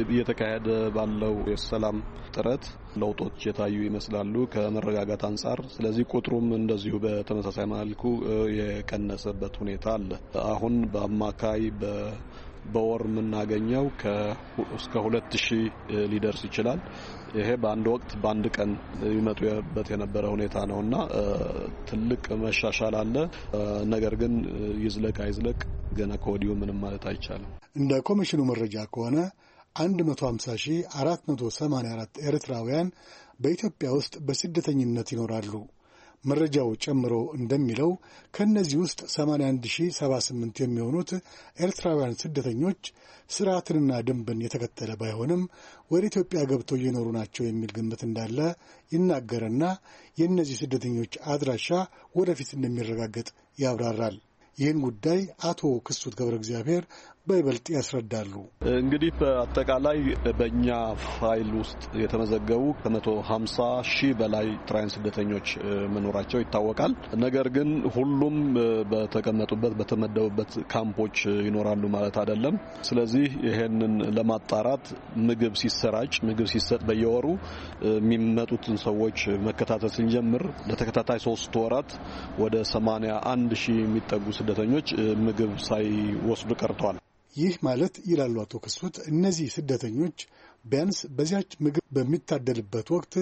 እየተካሄደ ባለው የሰላም ጥረት ለውጦች የታዩ ይመስላሉ ከመረጋጋት አንጻር። ስለዚህ ቁጥሩም እንደዚሁ በተመሳሳይ መልኩ የቀነሰበት ሁኔታ አለ። አሁን በአማካይ በወር የምናገኘው እስከ ሁለት ሺህ ሊደርስ ይችላል። ይሄ በአንድ ወቅት በአንድ ቀን ይመጡበት የነበረ ሁኔታ ነው እና ትልቅ መሻሻል አለ። ነገር ግን ይዝለቅ አይዝለቅ ገና ከወዲሁ ምንም ማለት አይቻልም። እንደ ኮሚሽኑ መረጃ ከሆነ 150484 ኤርትራውያን በኢትዮጵያ ውስጥ በስደተኝነት ይኖራሉ። መረጃው ጨምሮ እንደሚለው ከእነዚህ ውስጥ 81078 የሚሆኑት ኤርትራውያን ስደተኞች ስርዓትንና ደንብን የተከተለ ባይሆንም ወደ ኢትዮጵያ ገብተው እየኖሩ ናቸው የሚል ግምት እንዳለ ይናገርና የእነዚህ ስደተኞች አድራሻ ወደፊት እንደሚረጋገጥ ያብራራል። ይህን ጉዳይ አቶ ክሱት ገብረ እግዚአብሔር በይበልጥ ያስረዳሉ። እንግዲህ በአጠቃላይ በእኛ ፋይል ውስጥ የተመዘገቡ ከመቶ ሀምሳ ሺህ በላይ ትራይን ስደተኞች መኖራቸው ይታወቃል። ነገር ግን ሁሉም በተቀመጡበት በተመደቡበት ካምፖች ይኖራሉ ማለት አይደለም። ስለዚህ ይሄንን ለማጣራት ምግብ ሲሰራጭ ምግብ ሲሰጥ በየወሩ የሚመጡትን ሰዎች መከታተል ስንጀምር ለተከታታይ ሶስት ወራት ወደ ሰማንያ አንድ ሺህ የሚጠጉ ስደተኞች ምግብ ሳይወስዱ ቀርተዋል። ይህ ማለት ይላሉ አቶ ክሱት እነዚህ ስደተኞች ቢያንስ በዚያች ምግብ በሚታደልበት ወቅት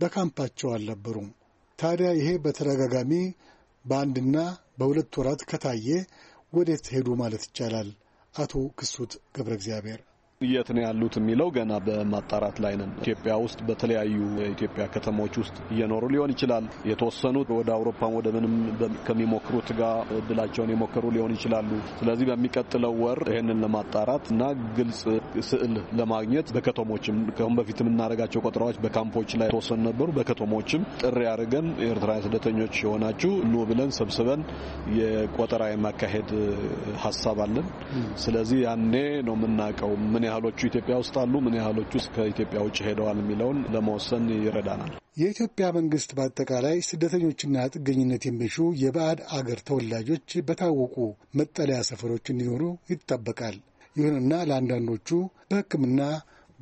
በካምፓቸው አልነበሩም። ታዲያ ይሄ በተደጋጋሚ በአንድና በሁለት ወራት ከታየ ወዴት ሄዱ ማለት ይቻላል? አቶ ክሱት ገብረ እግዚአብሔር የት ነው ያሉት የሚለው ገና በማጣራት ላይ ነን። ኢትዮጵያ ውስጥ በተለያዩ የኢትዮጵያ ከተሞች ውስጥ እየኖሩ ሊሆን ይችላል። የተወሰኑት ወደ አውሮፓም ወደ ምንም ከሚሞክሩት ጋር እድላቸውን የሞከሩ ሊሆን ይችላሉ። ስለዚህ በሚቀጥለው ወር ይህንን ለማጣራት እና ግልጽ ስዕል ለማግኘት በከተሞችም ከሁን በፊት የምናደርጋቸው ቆጠራዎች በካምፖች ላይ የተወሰኑ ነበሩ። በከተሞችም ጥሪ አድርገን የኤርትራ ስደተኞች የሆናችሁ ኑ ብለን ሰብስበን የቆጠራ የማካሄድ ሀሳብ አለን። ስለዚህ ያኔ ነው የምናውቀው ምን ምን ያህሎቹ ኢትዮጵያ ውስጥ አሉ፣ ምን ያህሎቹ ከኢትዮጵያ ውጭ ሄደዋል የሚለውን ለመወሰን ይረዳናል። የኢትዮጵያ መንግስት በአጠቃላይ ስደተኞችና ጥገኝነት የሚሹ የባዕድ አገር ተወላጆች በታወቁ መጠለያ ሰፈሮች እንዲኖሩ ይጠበቃል። ይሁንና ለአንዳንዶቹ በሕክምና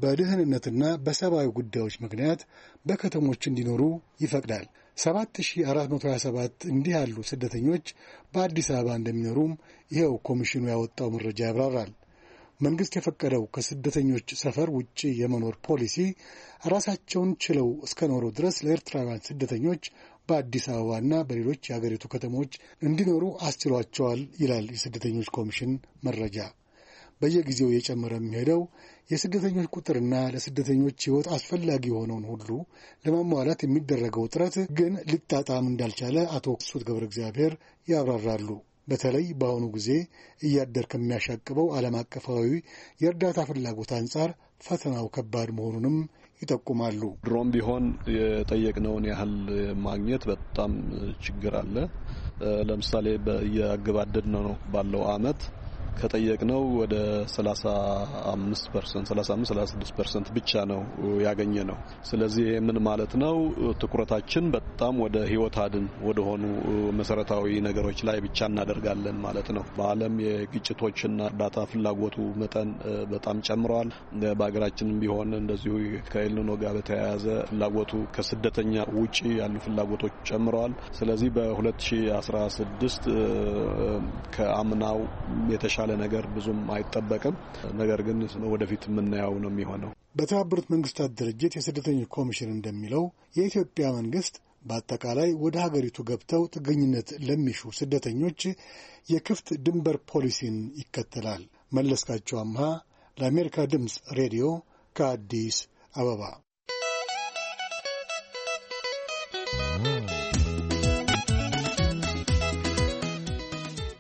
በድህንነትና በሰብአዊ ጉዳዮች ምክንያት በከተሞች እንዲኖሩ ይፈቅዳል። 7427 እንዲህ ያሉ ስደተኞች በአዲስ አበባ እንደሚኖሩም ይኸው ኮሚሽኑ ያወጣው መረጃ ያብራራል። መንግስት የፈቀደው ከስደተኞች ሰፈር ውጭ የመኖር ፖሊሲ ራሳቸውን ችለው እስከኖሩ ድረስ ለኤርትራውያን ስደተኞች በአዲስ አበባና በሌሎች የአገሪቱ ከተሞች እንዲኖሩ አስችሏቸዋል ይላል የስደተኞች ኮሚሽን መረጃ። በየጊዜው እየጨመረ የሚሄደው የስደተኞች ቁጥርና ለስደተኞች ሕይወት አስፈላጊ የሆነውን ሁሉ ለማሟላት የሚደረገው ጥረት ግን ሊጣጣም እንዳልቻለ አቶ ክሱት ገብረ እግዚአብሔር ያብራራሉ። በተለይ በአሁኑ ጊዜ እያደር ከሚያሻቅበው ዓለም አቀፋዊ የእርዳታ ፍላጎት አንጻር ፈተናው ከባድ መሆኑንም ይጠቁማሉ። ድሮም ቢሆን የጠየቅነውን ያህል ማግኘት በጣም ችግር አለ። ለምሳሌ እያገባደድ ነው ባለው አመት ከጠየቅነው ወደ 35 ፐርሰንት 35 36 ፐርሰንት ብቻ ነው ያገኘ ነው። ስለዚህ ይህ ምን ማለት ነው? ትኩረታችን በጣም ወደ ህይወት አድን ወደሆኑ መሰረታዊ ነገሮች ላይ ብቻ እናደርጋለን ማለት ነው። በዓለም የግጭቶችና እርዳታ ፍላጎቱ መጠን በጣም ጨምረዋል። በሀገራችንም ቢሆን እንደዚሁ ከኤልኒኖ ጋር በተያያዘ ፍላጎቱ ከስደተኛ ውጪ ያሉ ፍላጎቶች ጨምረዋል። ስለዚህ በ2016 ከአምናው የተሻ የተሻለ ነገር ብዙም አይጠበቅም። ነገር ግን ወደፊት የምናየው ነው የሚሆነው። በተባበሩት መንግስታት ድርጅት የስደተኞች ኮሚሽን እንደሚለው የኢትዮጵያ መንግስት በአጠቃላይ ወደ ሀገሪቱ ገብተው ጥገኝነት ለሚሹ ስደተኞች የክፍት ድንበር ፖሊሲን ይከተላል። መለስካቸው አምሃ ለአሜሪካ ድምፅ ሬዲዮ ከአዲስ አበባ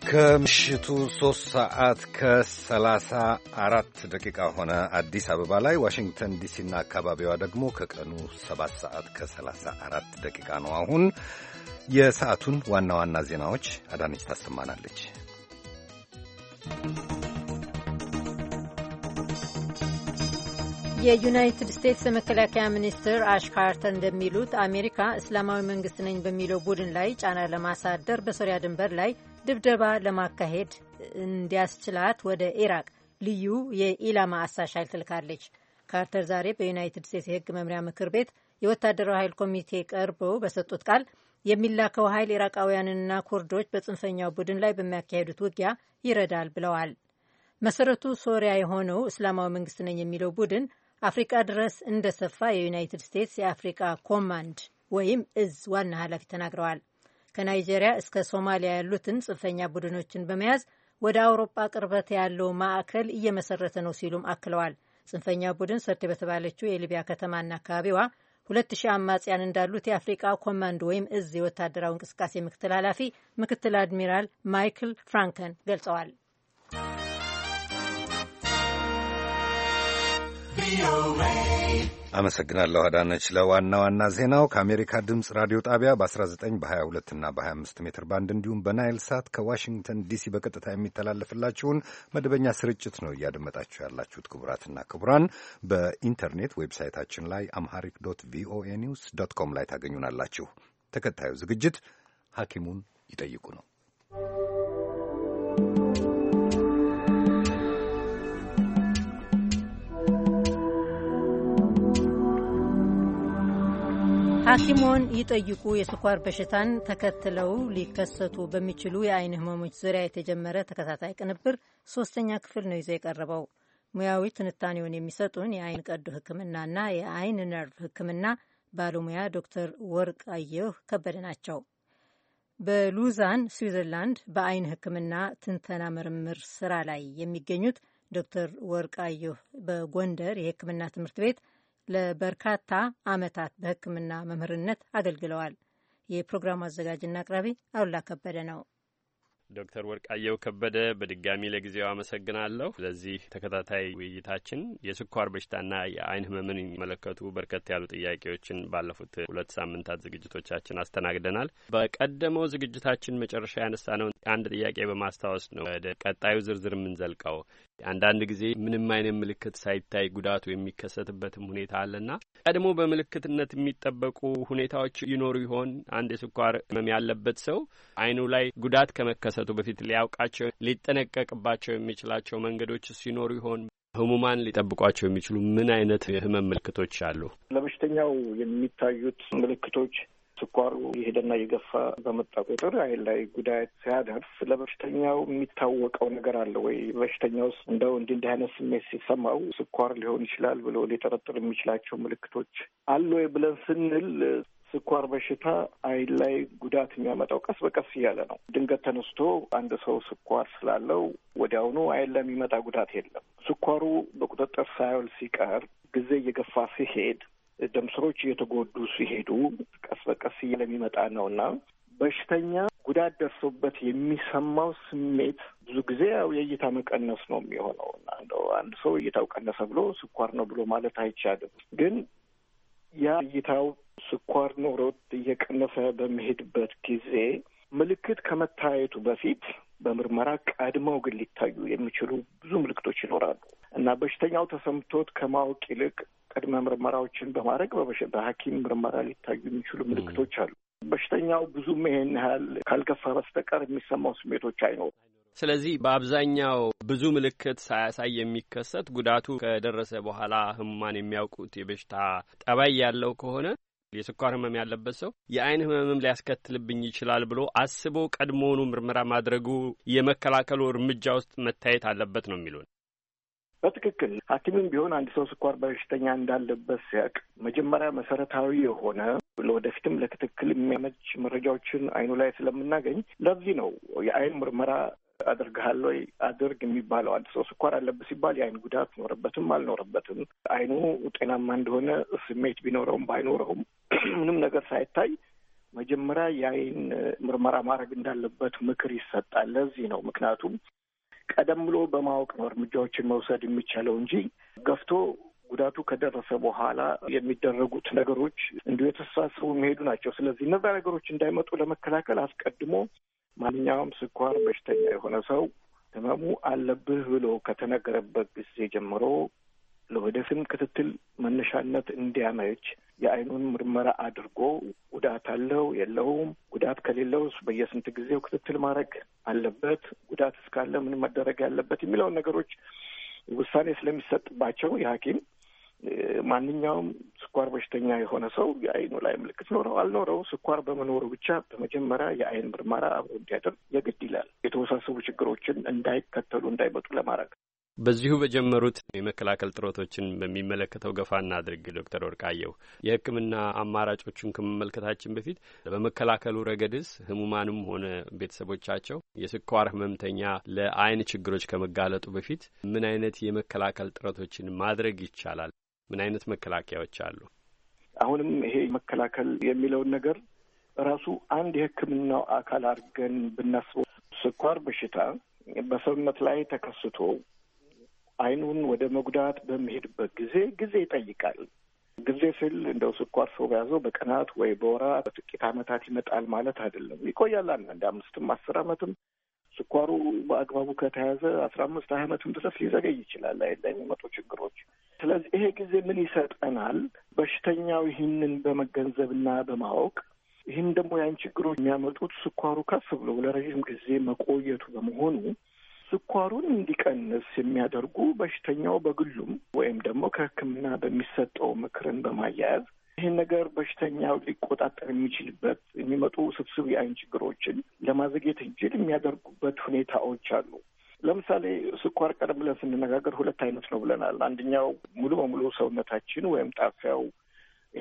ከምሽቱ ሦስት ሰዓት ከሰላሳ አራት ደቂቃ ሆነ አዲስ አበባ ላይ። ዋሽንግተን ዲሲና አካባቢዋ ደግሞ ከቀኑ ሰባት ሰዓት ከሰላሳ አራት ደቂቃ ነው። አሁን የሰዓቱን ዋና ዋና ዜናዎች አዳነች ታሰማናለች። የዩናይትድ ስቴትስ መከላከያ ሚኒስትር አሽ ካርተር እንደሚሉት አሜሪካ እስላማዊ መንግስት ነኝ በሚለው ቡድን ላይ ጫና ለማሳደር በሶሪያ ድንበር ላይ ድብደባ ለማካሄድ እንዲያስችላት ወደ ኢራቅ ልዩ የኢላማ አሳሽ ኃይል ትልካለች። ካርተር ዛሬ በዩናይትድ ስቴትስ የህግ መምሪያ ምክር ቤት የወታደራዊ ኃይል ኮሚቴ ቀርበው በሰጡት ቃል የሚላከው ኃይል ኢራቃውያንንና ኩርዶች በጽንፈኛው ቡድን ላይ በሚያካሄዱት ውጊያ ይረዳል ብለዋል። መሰረቱ ሶሪያ የሆነው እስላማዊ መንግስት ነኝ የሚለው ቡድን አፍሪቃ ድረስ እንደሰፋ የዩናይትድ ስቴትስ የአፍሪቃ ኮማንድ ወይም እዝ ዋና ኃላፊ ተናግረዋል። ከናይጄሪያ እስከ ሶማሊያ ያሉትን ጽንፈኛ ቡድኖችን በመያዝ ወደ አውሮፓ ቅርበት ያለው ማዕከል እየመሰረተ ነው ሲሉም አክለዋል። ጽንፈኛ ቡድን ሰርቴ በተባለችው የሊቢያ ከተማና አካባቢዋ ሁለት ሺህ አማጽያን እንዳሉት የአፍሪቃ ኮማንዶ ወይም እዝ የወታደራዊ እንቅስቃሴ ምክትል ኃላፊ ምክትል አድሚራል ማይክል ፍራንከን ገልጸዋል። be አመሰግናለሁ አዳነች። ለዋና ዋና ዜናው ከአሜሪካ ድምፅ ራዲዮ ጣቢያ በ19 በ22 እና በ25 ሜትር ባንድ እንዲሁም በናይል ሳት ከዋሽንግተን ዲሲ በቀጥታ የሚተላለፍላችሁን መደበኛ ስርጭት ነው እያደመጣችሁ ያላችሁት። ክቡራትና ክቡራን በኢንተርኔት ዌብሳይታችን ላይ አምሃሪክ ዶት ቪኦኤ ኒውስ ዶት ኮም ላይ ታገኙናላችሁ። ተከታዩ ዝግጅት ሐኪሙን ይጠይቁ ነው። ሐኪሞን ይጠይቁ የስኳር በሽታን ተከትለው ሊከሰቱ በሚችሉ የአይን ህመሞች ዙሪያ የተጀመረ ተከታታይ ቅንብር ሶስተኛ ክፍል ነው ይዞ የቀረበው። ሙያዊ ትንታኔውን የሚሰጡን የአይን ቀዶ ሕክምናና የአይን ነርቭ ህክምና ባለሙያ ዶክተር ወርቅ አየሁ ከበደ ናቸው። በሉዛን ስዊዘርላንድ በአይን ህክምና ትንተና ምርምር ስራ ላይ የሚገኙት ዶክተር ወርቅ አየሁ በጎንደር የህክምና ትምህርት ቤት ለበርካታ ዓመታት በሕክምና መምህርነት አገልግለዋል። የፕሮግራሙ አዘጋጅና አቅራቢ አሉላ ከበደ ነው። ዶክተር ወርቃየው ከበደ በድጋሚ ለጊዜው አመሰግናለሁ። ለዚህ ተከታታይ ውይይታችን የስኳር በሽታና የአይን ህመምን የሚመለከቱ በርከት ያሉ ጥያቄዎችን ባለፉት ሁለት ሳምንታት ዝግጅቶቻችን አስተናግደናል። በቀደመው ዝግጅታችን መጨረሻ ያነሳ ነው አንድ ጥያቄ በማስታወስ ነው ወደ ቀጣዩ ዝርዝር የምንዘልቀው አንዳንድ ጊዜ ምንም አይነት ምልክት ሳይታይ ጉዳቱ የሚከሰትበትም ሁኔታ አለና ቀድሞ በምልክትነት የሚጠበቁ ሁኔታዎች ይኖሩ ይሆን? አንድ የስኳር ህመም ያለበት ሰው አይኑ ላይ ጉዳት ከመከሰቱ በፊት ሊያውቃቸው ሊጠነቀቅባቸው የሚችላቸው መንገዶች ሲኖሩ ይሆን? ህሙማን ሊጠብቋቸው የሚችሉ ምን አይነት የህመም ምልክቶች አሉ? ለበሽተኛው የሚታዩት ምልክቶች ስኳሩ የሄደና የገፋ በመጣ ቁጥር አይን ላይ ጉዳት ሲያደርስ ለበሽተኛው የሚታወቀው ነገር አለ ወይ? ውስጥ እንደው እንዲህ እንዲህ አይነት ስሜት ሲሰማው ስኳር ሊሆን ይችላል ብሎ ሊጠረጥር የሚችላቸው ምልክቶች አሉ ወይ ብለን ስንል ስኳር በሽታ አይን ላይ ጉዳት የሚያመጣው ቀስ በቀስ እያለ ነው። ድንገት ተነስቶ አንድ ሰው ስኳር ስላለው ወዲያውኑ አይን ላይ የሚመጣ ጉዳት የለም። ስኳሩ በቁጥጥር ሳይውል ሲቀር ጊዜ እየገፋ ሲሄድ ደም ስሮች እየተጎዱ ሲሄዱ ቀስ በቀስ እየለሚመጣ ነው እና በሽተኛ ጉዳት ደርሶበት የሚሰማው ስሜት ብዙ ጊዜ ያው የእይታ መቀነስ ነው የሚሆነው እና እንደው አንድ ሰው እይታው ቀነሰ ብሎ ስኳር ነው ብሎ ማለት አይቻልም። ግን ያ እይታው ስኳር ኖሮት እየቀነሰ በሚሄድበት ጊዜ ምልክት ከመታየቱ በፊት በምርመራ ቀድመው ግን ሊታዩ የሚችሉ ብዙ ምልክቶች ይኖራሉ እና በሽተኛው ተሰምቶት ከማወቅ ይልቅ ቅድመ ምርመራዎችን በማድረግ በሐኪም ምርመራ ሊታዩ የሚችሉ ምልክቶች አሉ። በሽተኛው ብዙም ይሄን ያህል ካልከፋ በስተቀር የሚሰማው ስሜቶች አይኖሩም። ስለዚህ በአብዛኛው ብዙ ምልክት ሳያሳይ የሚከሰት ጉዳቱ ከደረሰ በኋላ ህሙማን የሚያውቁት የበሽታ ጠባይ ያለው ከሆነ የስኳር ህመም ያለበት ሰው የአይን ህመምም ሊያስከትልብኝ ይችላል ብሎ አስቦ ቀድሞውኑ ምርመራ ማድረጉ የመከላከሉ እርምጃ ውስጥ መታየት አለበት ነው የሚሉን። በትክክል ሐኪምም ቢሆን አንድ ሰው ስኳር በሽተኛ እንዳለበት ሲያቅ መጀመሪያ መሰረታዊ የሆነ ለወደፊትም ለክትትል የሚያመች መረጃዎችን አይኑ ላይ ስለምናገኝ ለዚህ ነው የአይን ምርመራ አድርግሃል ወይ አድርግ የሚባለው። አንድ ሰው ስኳር አለብህ ሲባል የአይን ጉዳት ኖረበትም አልኖረበትም አይኑ ጤናማ እንደሆነ ስሜት ቢኖረውም ባይኖረውም ምንም ነገር ሳይታይ መጀመሪያ የአይን ምርመራ ማድረግ እንዳለበት ምክር ይሰጣል። ለዚህ ነው ምክንያቱም ቀደም ብሎ በማወቅ ነው እርምጃዎችን መውሰድ የሚቻለው እንጂ ገፍቶ ጉዳቱ ከደረሰ በኋላ የሚደረጉት ነገሮች እንዲሁ የተሳሰቡ የሚሄዱ ናቸው። ስለዚህ እነዛ ነገሮች እንዳይመጡ ለመከላከል አስቀድሞ ማንኛውም ስኳር በሽተኛ የሆነ ሰው ህመሙ አለብህ ብሎ ከተነገረበት ጊዜ ጀምሮ ለወደፊትም ክትትል መነሻነት እንዲያመች የአይኑን ምርመራ አድርጎ ጉዳት አለው የለውም፣ ጉዳት ከሌለው በየስንት ጊዜው ክትትል ማድረግ አለበት፣ ጉዳት እስካለ ምን መደረግ ያለበት የሚለውን ነገሮች ውሳኔ ስለሚሰጥባቸው የሐኪም ማንኛውም ስኳር በሽተኛ የሆነ ሰው የአይኑ ላይ ምልክት ኖረው አልኖረው ስኳር በመኖሩ ብቻ በመጀመሪያ የአይን ምርመራ አብሮ እንዲያደርግ የግድ ይላል። የተወሳሰቡ ችግሮችን እንዳይከተሉ እንዳይመጡ ለማድረግ በዚሁ በጀመሩት የመከላከል ጥረቶችን በሚመለከተው ገፋ እናድርግ። ዶክተር ወርቃየሁ የሕክምና አማራጮቹን ከመመልከታችን በፊት በመከላከሉ ረገድስ ህሙማንም ሆነ ቤተሰቦቻቸው የስኳር ህመምተኛ ለአይን ችግሮች ከመጋለጡ በፊት ምን አይነት የመከላከል ጥረቶችን ማድረግ ይቻላል? ምን አይነት መከላከያዎች አሉ? አሁንም ይሄ መከላከል የሚለውን ነገር ራሱ አንድ የሕክምናው አካል አድርገን ብናስበው ስኳር በሽታ በሰውነት ላይ ተከስቶ አይኑን ወደ መጉዳት በሚሄድበት ጊዜ ጊዜ ይጠይቃል። ጊዜ ስል እንደው ስኳር ሰው በያዘው በቀናት ወይ በወራት በጥቂት ዓመታት ይመጣል ማለት አይደለም። ይቆያል። አንዳንድ አምስትም አስር ዓመትም ስኳሩ በአግባቡ ከተያዘ አስራ አምስት ሀያ ዓመትም ድረስ ሊዘገይ ይችላል። አይ ለሚመጡ ችግሮች። ስለዚህ ይሄ ጊዜ ምን ይሰጠናል? በሽተኛው ይህንን በመገንዘብና በማወቅ ይህን ደግሞ ያን ችግሮች የሚያመጡት ስኳሩ ከፍ ብሎ ለረዥም ጊዜ መቆየቱ በመሆኑ ስኳሩን እንዲቀንስ የሚያደርጉ በሽተኛው በግሉም ወይም ደግሞ ከሕክምና በሚሰጠው ምክርን በማያያዝ ይህን ነገር በሽተኛው ሊቆጣጠር የሚችልበት የሚመጡ ስብስብ የአይን ችግሮችን ለማዘግየት እንዲችል የሚያደርጉበት ሁኔታዎች አሉ። ለምሳሌ ስኳር ቀደም ብለን ስንነጋገር ሁለት አይነት ነው ብለናል። አንደኛው ሙሉ በሙሉ ሰውነታችን ወይም ጣፊያው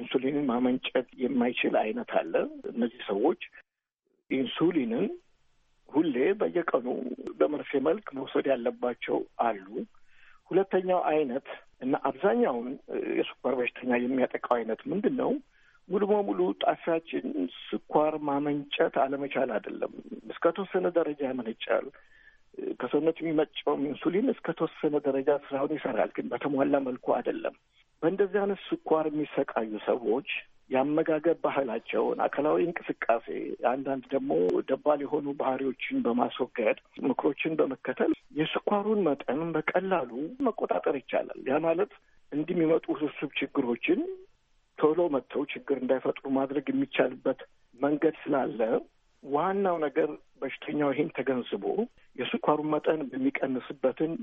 ኢንሱሊንን ማመንጨት የማይችል አይነት አለ። እነዚህ ሰዎች ኢንሱሊንን ሁሌ በየቀኑ በመርፌ መልክ መውሰድ ያለባቸው አሉ። ሁለተኛው አይነት እና አብዛኛውን የስኳር በሽተኛ የሚያጠቃው አይነት ምንድን ነው? ሙሉ በሙሉ ጣፊያችን ስኳር ማመንጨት አለመቻል አይደለም። እስከ ተወሰነ ደረጃ ያመነጫል። ከሰውነት የሚመጫውም ኢንሱሊን እስከ ተወሰነ ደረጃ ስራውን ይሰራል፣ ግን በተሟላ መልኩ አይደለም። በእንደዚህ አይነት ስኳር የሚሰቃዩ ሰዎች የአመጋገብ ባህላቸውን፣ አካላዊ እንቅስቃሴ፣ አንዳንድ ደግሞ ደባል የሆኑ ባህሪዎችን በማስወገድ ምክሮችን በመከተል የስኳሩን መጠን በቀላሉ መቆጣጠር ይቻላል። ያ ማለት እንዲህ የሚመጡ ውስብስብ ችግሮችን ቶሎ መጥተው ችግር እንዳይፈጥሩ ማድረግ የሚቻልበት መንገድ ስላለ ዋናው ነገር በሽተኛው ይህን ተገንዝቦ የስኳሩን መጠን በሚቀንስበትን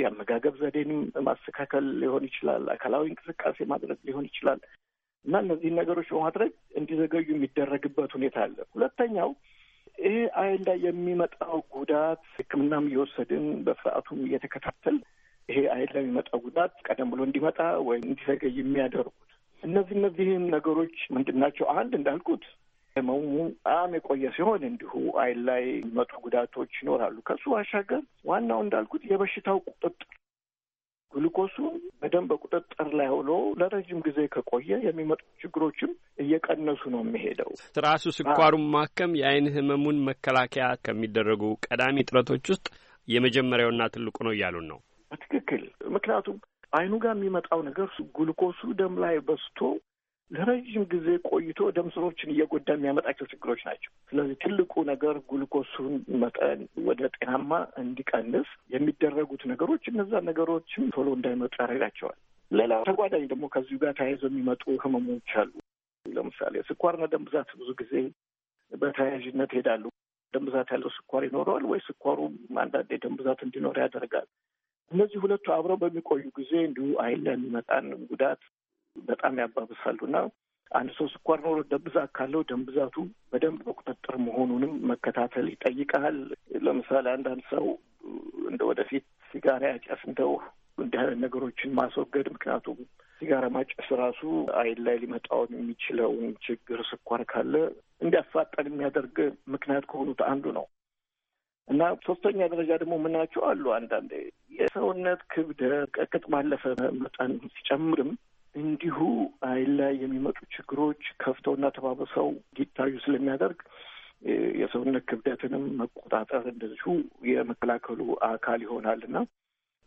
የአመጋገብ ዘዴንም ማስተካከል ሊሆን ይችላል። አካላዊ እንቅስቃሴ ማድረግ ሊሆን ይችላል። እና እነዚህን ነገሮች በማድረግ እንዲዘገዩ የሚደረግበት ሁኔታ አለ። ሁለተኛው ይህ አይን ላይ የሚመጣው ጉዳት ሕክምናም እየወሰድን በስርዓቱም እየተከታተል ይሄ አይን ላይ የሚመጣው ጉዳት ቀደም ብሎ እንዲመጣ ወይም እንዲዘገይ የሚያደርጉት እነዚህ እነዚህም ነገሮች ምንድን ናቸው? አንድ እንዳልኩት ህመሙ በጣም የቆየ ሲሆን እንዲሁ አይን ላይ የሚመጡ ጉዳቶች ይኖራሉ። ከሱ ባሻገር ዋናው እንዳልኩት የበሽታው ቁጥጥር ግሉኮሱ በደንብ በቁጥጥር ላይ ሆኖ ለረጅም ጊዜ ከቆየ የሚመጡ ችግሮችም እየቀነሱ ነው የሚሄደው። ራሱ ስኳሩን ማከም የአይን ህመሙን መከላከያ ከሚደረጉ ቀዳሚ ጥረቶች ውስጥ የመጀመሪያውና ትልቁ ነው እያሉን ነው። በትክክል ምክንያቱም አይኑ ጋር የሚመጣው ነገር ግሉኮሱ ደም ላይ በዝቶ ለረዥም ጊዜ ቆይቶ ደም ስሮችን እየጎዳ የሚያመጣቸው ችግሮች ናቸው። ስለዚህ ትልቁ ነገር ግሉኮሱን መጠን ወደ ጤናማ እንዲቀንስ የሚደረጉት ነገሮች እነዛ ነገሮችም ቶሎ እንዳይመጡ ያደርጋቸዋል። ሌላ ተጓዳኝ ደግሞ ከዚሁ ጋር ተያይዘው የሚመጡ ህመሞች አሉ። ለምሳሌ ስኳርና ደም ብዛት ብዙ ጊዜ በተያያዥነት ይሄዳሉ። ደም ብዛት ያለው ስኳር ይኖረዋል ወይ ስኳሩ አንዳንዴ ደም ብዛት እንዲኖር ያደርጋል። እነዚህ ሁለቱ አብረው በሚቆዩ ጊዜ እንዲሁ አይን ላይ የሚመጣን ጉዳት በጣም ያባብሳሉ እና አንድ ሰው ስኳር ኖሮ ደብዛት ካለው ደንብዛቱ በደንብ በቁጥጥር መሆኑንም መከታተል ይጠይቃል። ለምሳሌ አንዳንድ ሰው እንደ ወደፊት ሲጋራ ያጨስ እንደው እንዲህ አይነት ነገሮችን ማስወገድ ምክንያቱም ሲጋራ ማጨስ ራሱ አይን ላይ ሊመጣውን የሚችለውን ችግር ስኳር ካለ እንዲያፋጠን የሚያደርግ ምክንያት ከሆኑት አንዱ ነው እና ሶስተኛ ደረጃ ደግሞ ምናቸው አሉ አንዳንዴ የሰውነት ክብደት ከቅጥ ባለፈ መጠን ሲጨምርም እንዲሁ አይን ላይ የሚመጡ ችግሮች ከፍተውና ተባብሰው እንዲታዩ ስለሚያደርግ የሰውነት ክብደትንም መቆጣጠር እንደዚሁ የመከላከሉ አካል ይሆናል እና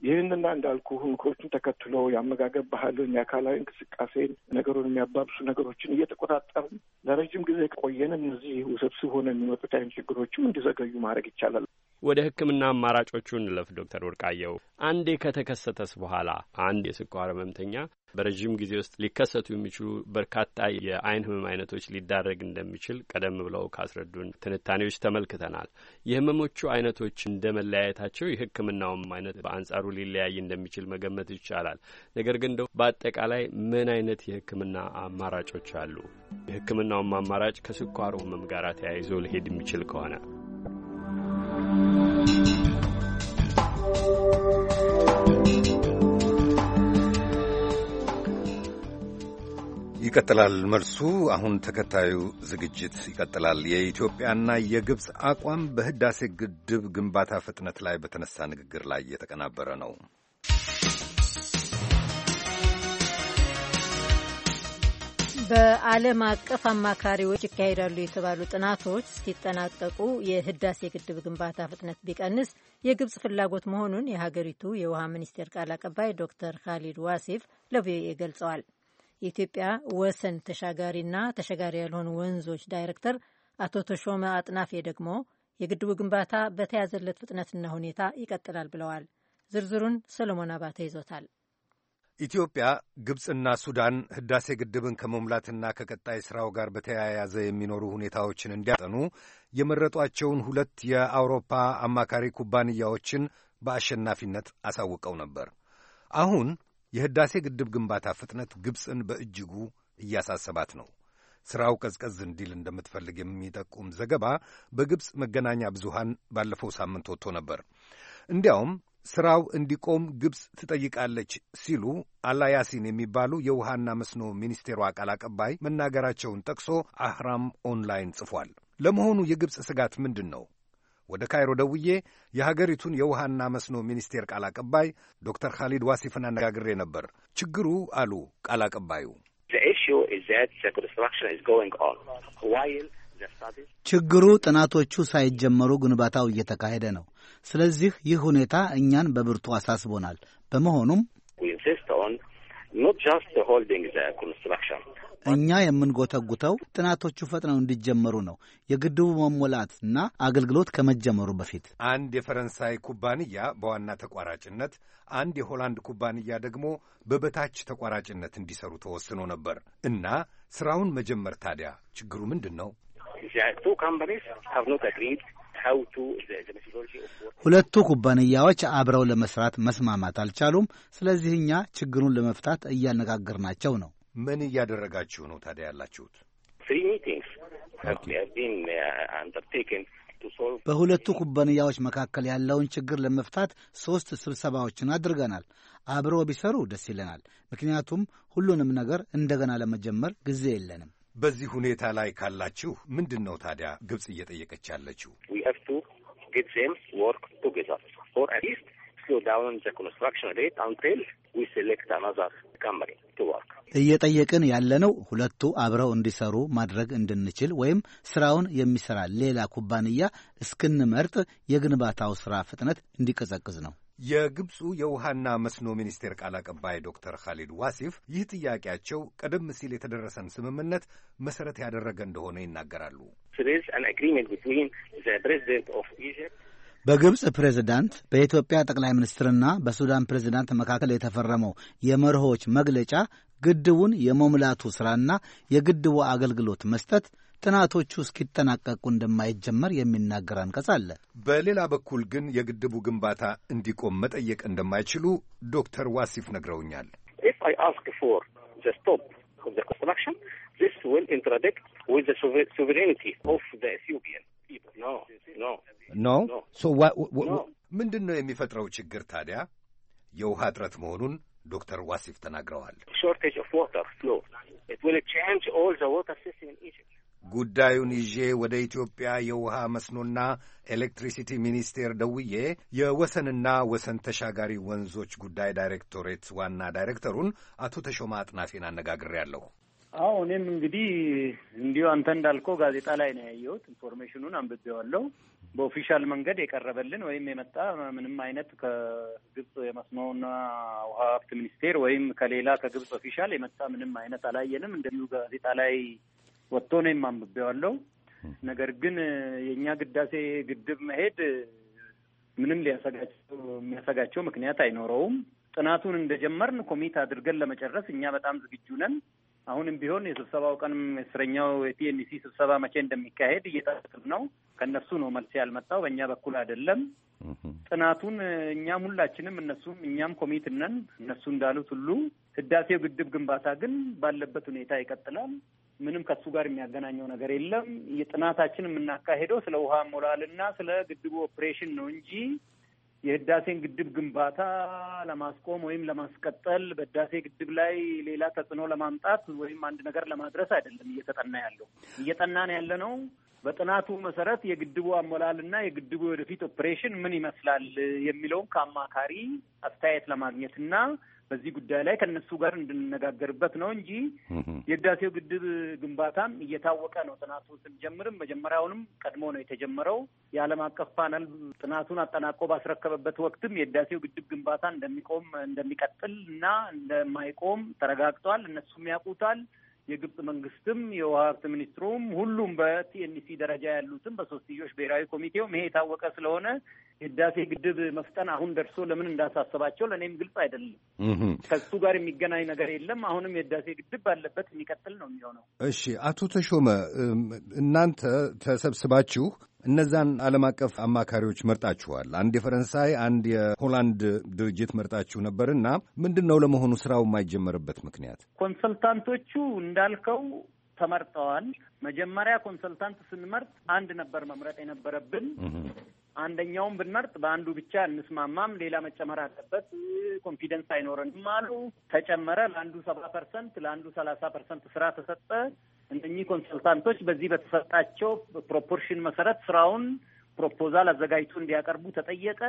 ይህንና እንዳልኩ ምክሮችን ተከትሎ የአመጋገብ ባህልን፣ የአካላዊ እንቅስቃሴን፣ ነገሩን የሚያባብሱ ነገሮችን እየተቆጣጠርን ለረጅም ጊዜ ቆየን እነዚህ ውስብስብ ሆነ የሚመጡት አይነት ችግሮችም እንዲዘገዩ ማድረግ ይቻላል። ወደ ሕክምና አማራጮቹ እንለፍ። ዶክተር ወርቃየው አንዴ ከተከሰተስ በኋላ አንድ የስኳር ህመምተኛ በረዥም ጊዜ ውስጥ ሊከሰቱ የሚችሉ በርካታ የአይን ህመም አይነቶች ሊዳረግ እንደሚችል ቀደም ብለው ካስረዱን ትንታኔዎች ተመልክተናል። የህመሞቹ አይነቶች እንደ መለያየታቸው የህክምናውም አይነት በአንጻሩ ሊለያይ እንደሚችል መገመት ይቻላል። ነገር ግን እንደው በአጠቃላይ ምን አይነት የህክምና አማራጮች አሉ? የህክምናውም አማራጭ ከስኳሩ ህመም ጋር ተያይዞ ሊሄድ የሚችል ከሆነ ይቀጥላል መልሱ። አሁን ተከታዩ ዝግጅት ይቀጥላል። የኢትዮጵያና የግብፅ አቋም በህዳሴ ግድብ ግንባታ ፍጥነት ላይ በተነሳ ንግግር ላይ የተቀናበረ ነው። በዓለም አቀፍ አማካሪዎች ይካሄዳሉ የተባሉ ጥናቶች ሲጠናቀቁ የህዳሴ ግድብ ግንባታ ፍጥነት ቢቀንስ የግብፅ ፍላጎት መሆኑን የሀገሪቱ የውሃ ሚኒስቴር ቃል አቀባይ ዶክተር ካሊድ ዋሲፍ ለቪኦኤ ገልጸዋል። የኢትዮጵያ ወሰን ተሻጋሪና ተሻጋሪ ያልሆኑ ወንዞች ዳይሬክተር አቶ ተሾመ አጥናፌ ደግሞ የግድቡ ግንባታ በተያዘለት ፍጥነትና ሁኔታ ይቀጥላል ብለዋል። ዝርዝሩን ሰሎሞን አባተ ይዞታል። ኢትዮጵያ፣ ግብፅና ሱዳን ህዳሴ ግድብን ከመሙላትና ከቀጣይ ሥራው ጋር በተያያዘ የሚኖሩ ሁኔታዎችን እንዲያጠኑ የመረጧቸውን ሁለት የአውሮፓ አማካሪ ኩባንያዎችን በአሸናፊነት አሳውቀው ነበር። አሁን የህዳሴ ግድብ ግንባታ ፍጥነት ግብፅን በእጅጉ እያሳሰባት ነው። ሥራው ቀዝቀዝ እንዲል እንደምትፈልግ የሚጠቁም ዘገባ በግብፅ መገናኛ ብዙሃን ባለፈው ሳምንት ወጥቶ ነበር። እንዲያውም ሥራው እንዲቆም ግብፅ ትጠይቃለች ሲሉ አላያሲን የሚባሉ የውሃና መስኖ ሚኒስቴሯ ቃል አቀባይ መናገራቸውን ጠቅሶ አህራም ኦንላይን ጽፏል። ለመሆኑ የግብፅ ስጋት ምንድን ነው? ወደ ካይሮ ደውዬ የሀገሪቱን የውሃና መስኖ ሚኒስቴር ቃል አቀባይ ዶክተር ካሊድ ዋሲፍን አነጋግሬ ነበር። ችግሩ አሉ ቃል አቀባዩ ችግሩ ጥናቶቹ ሳይጀመሩ ግንባታው እየተካሄደ ነው። ስለዚህ ይህ ሁኔታ እኛን በብርቱ አሳስቦናል። በመሆኑም እኛ የምንጎተጉተው ጥናቶቹ ፈጥነው እንዲጀመሩ ነው፣ የግድቡ እና አገልግሎት ከመጀመሩ በፊት። አንድ የፈረንሳይ ኩባንያ በዋና ተቋራጭነት፣ አንድ የሆላንድ ኩባንያ ደግሞ በበታች ተቋራጭነት እንዲሰሩ ተወስኖ ነበር እና ስራውን መጀመር ታዲያ ችግሩ ምንድን ነው? ሁለቱ ኩባንያዎች አብረው ለመስራት መስማማት አልቻሉም። ስለዚህ እኛ ችግሩን ለመፍታት እያነጋገርናቸው ነው። ምን እያደረጋችሁ ነው ታዲያ ያላችሁት? Uh, በሁለቱ ኩባንያዎች መካከል ያለውን ችግር ለመፍታት ሦስት ስብሰባዎችን አድርገናል። አብረው ቢሰሩ ደስ ይለናል፣ ምክንያቱም ሁሉንም ነገር እንደገና ለመጀመር ጊዜ የለንም። በዚህ ሁኔታ ላይ ካላችሁ ምንድን ነው ታዲያ ግብፅ እየጠየቀች ያለችው? slow down the construction rate until we select another company to work። እየጠየቅን ያለነው ሁለቱ አብረው እንዲሰሩ ማድረግ እንድንችል ወይም ስራውን የሚሰራ ሌላ ኩባንያ እስክንመርጥ የግንባታው ስራ ፍጥነት እንዲቀዘቅዝ ነው። የግብፁ የውሃና መስኖ ሚኒስቴር ቃል አቀባይ ዶክተር ካሊድ ዋሲፍ ይህ ጥያቄያቸው ቀደም ሲል የተደረሰን ስምምነት መሰረት ያደረገ እንደሆነ ይናገራሉ። በግብፅ ፕሬዝዳንት በኢትዮጵያ ጠቅላይ ሚኒስትርና በሱዳን ፕሬዝዳንት መካከል የተፈረመው የመርሆች መግለጫ ግድቡን የመሙላቱ ሥራና የግድቡ አገልግሎት መስጠት ጥናቶቹ እስኪጠናቀቁ እንደማይጀመር የሚናገር አንቀጽ አለ። በሌላ በኩል ግን የግድቡ ግንባታ እንዲቆም መጠየቅ እንደማይችሉ ዶክተር ዋሲፍ ነግረውኛል። No, no, ምንድን ነው የሚፈጥረው ችግር ታዲያ? የውሃ እጥረት መሆኑን ዶክተር ዋሲፍ ተናግረዋል። ጉዳዩን ይዤ ወደ ኢትዮጵያ የውሃ መስኖና ኤሌክትሪሲቲ ሚኒስቴር ደውዬ የወሰንና ወሰን ተሻጋሪ ወንዞች ጉዳይ ዳይሬክቶሬት ዋና ዳይሬክተሩን አቶ ተሾማ አጥናፌን አነጋግሬያለሁ። አዎ እኔም እንግዲህ እንዲሁ አንተ እንዳልከው ጋዜጣ ላይ ነው ያየሁት። ኢንፎርሜሽኑን አንብቤዋለሁ። በኦፊሻል መንገድ የቀረበልን ወይም የመጣ ምንም አይነት ከግብጽ የመስኖና ውሃ ሀብት ሚኒስቴር ወይም ከሌላ ከግብጽ ኦፊሻል የመጣ ምንም አይነት አላየንም። እንደዚሁ ጋዜጣ ላይ ወጥቶ እኔም አንብቤዋለሁ። ነገር ግን የእኛ ግዳሴ ግድብ መሄድ ምንም ሊያሰጋቸው የሚያሰጋቸው ምክንያት አይኖረውም። ጥናቱን እንደጀመርን ኮሚት አድርገን ለመጨረስ እኛ በጣም ዝግጁ ነን። አሁንም ቢሆን የስብሰባው ቀንም እስረኛው የቲኤንሲ ስብሰባ መቼ እንደሚካሄድ እየጠበቅን ነው። ከእነሱ ነው መልስ ያልመጣው፣ በእኛ በኩል አይደለም። ጥናቱን እኛም ሁላችንም እነሱም እኛም ኮሚት ነን። እነሱ እንዳሉት ሁሉ ህዳሴው ግድብ ግንባታ ግን ባለበት ሁኔታ ይቀጥላል። ምንም ከሱ ጋር የሚያገናኘው ነገር የለም። የጥናታችን የምናካሄደው ስለ ውሃ ሞላልና ስለ ግድቡ ኦፕሬሽን ነው እንጂ የህዳሴን ግድብ ግንባታ ለማስቆም ወይም ለማስቀጠል በህዳሴ ግድብ ላይ ሌላ ተጽዕኖ ለማምጣት ወይም አንድ ነገር ለማድረስ አይደለም እየተጠና ያለው። እየጠናን ያለ ነው በጥናቱ መሰረት የግድቡ አሞላልና የግድቡ ወደፊት ኦፕሬሽን ምን ይመስላል የሚለውን ከአማካሪ አስተያየት ለማግኘት እና በዚህ ጉዳይ ላይ ከእነሱ ጋር እንድንነጋገርበት ነው እንጂ የህዳሴው ግድብ ግንባታም እየታወቀ ነው። ጥናቱ ስንጀምርም መጀመሪያውንም ቀድሞ ነው የተጀመረው። የዓለም አቀፍ ፓነል ጥናቱን አጠናቆ ባስረከበበት ወቅትም የህዳሴው ግድብ ግንባታ እንደሚቆም እንደሚቀጥል እና እንደማይቆም ተረጋግጧል። እነሱም ያውቁታል። የግብጽ መንግስትም የውሃ ሀብት ሚኒስትሩም ሁሉም በቲኤንሲ ደረጃ ያሉትም በሶስትዮሽ ብሔራዊ ኮሚቴውም ይሄ የታወቀ ስለሆነ የህዳሴ ግድብ መፍጠን አሁን ደርሶ ለምን እንዳሳሰባቸው ለእኔም ግልጽ አይደለም። ከሱ ጋር የሚገናኝ ነገር የለም። አሁንም የህዳሴ ግድብ ባለበት የሚቀጥል ነው የሚሆነው። እሺ፣ አቶ ተሾመ እናንተ ተሰብስባችሁ እነዛን ዓለም አቀፍ አማካሪዎች መርጣችኋል። አንድ የፈረንሳይ አንድ የሆላንድ ድርጅት መርጣችሁ ነበር እና ምንድን ነው ለመሆኑ ስራው የማይጀመርበት ምክንያት? ኮንሰልታንቶቹ እንዳልከው ተመርጠዋል። መጀመሪያ ኮንሰልታንት ስንመርጥ አንድ ነበር መምረጥ የነበረብን አንደኛውም ብንመርጥ በአንዱ ብቻ እንስማማም፣ ሌላ መጨመር አለበት፣ ኮንፊደንስ አይኖረንም አሉ። ተጨመረ። ለአንዱ ሰባ ፐርሰንት ለአንዱ ሰላሳ ፐርሰንት ስራ ተሰጠ። እነኚህ ኮንሰልታንቶች በዚህ በተሰጣቸው ፕሮፖርሽን መሰረት ስራውን ፕሮፖዛል አዘጋጅቶ እንዲያቀርቡ ተጠየቀ።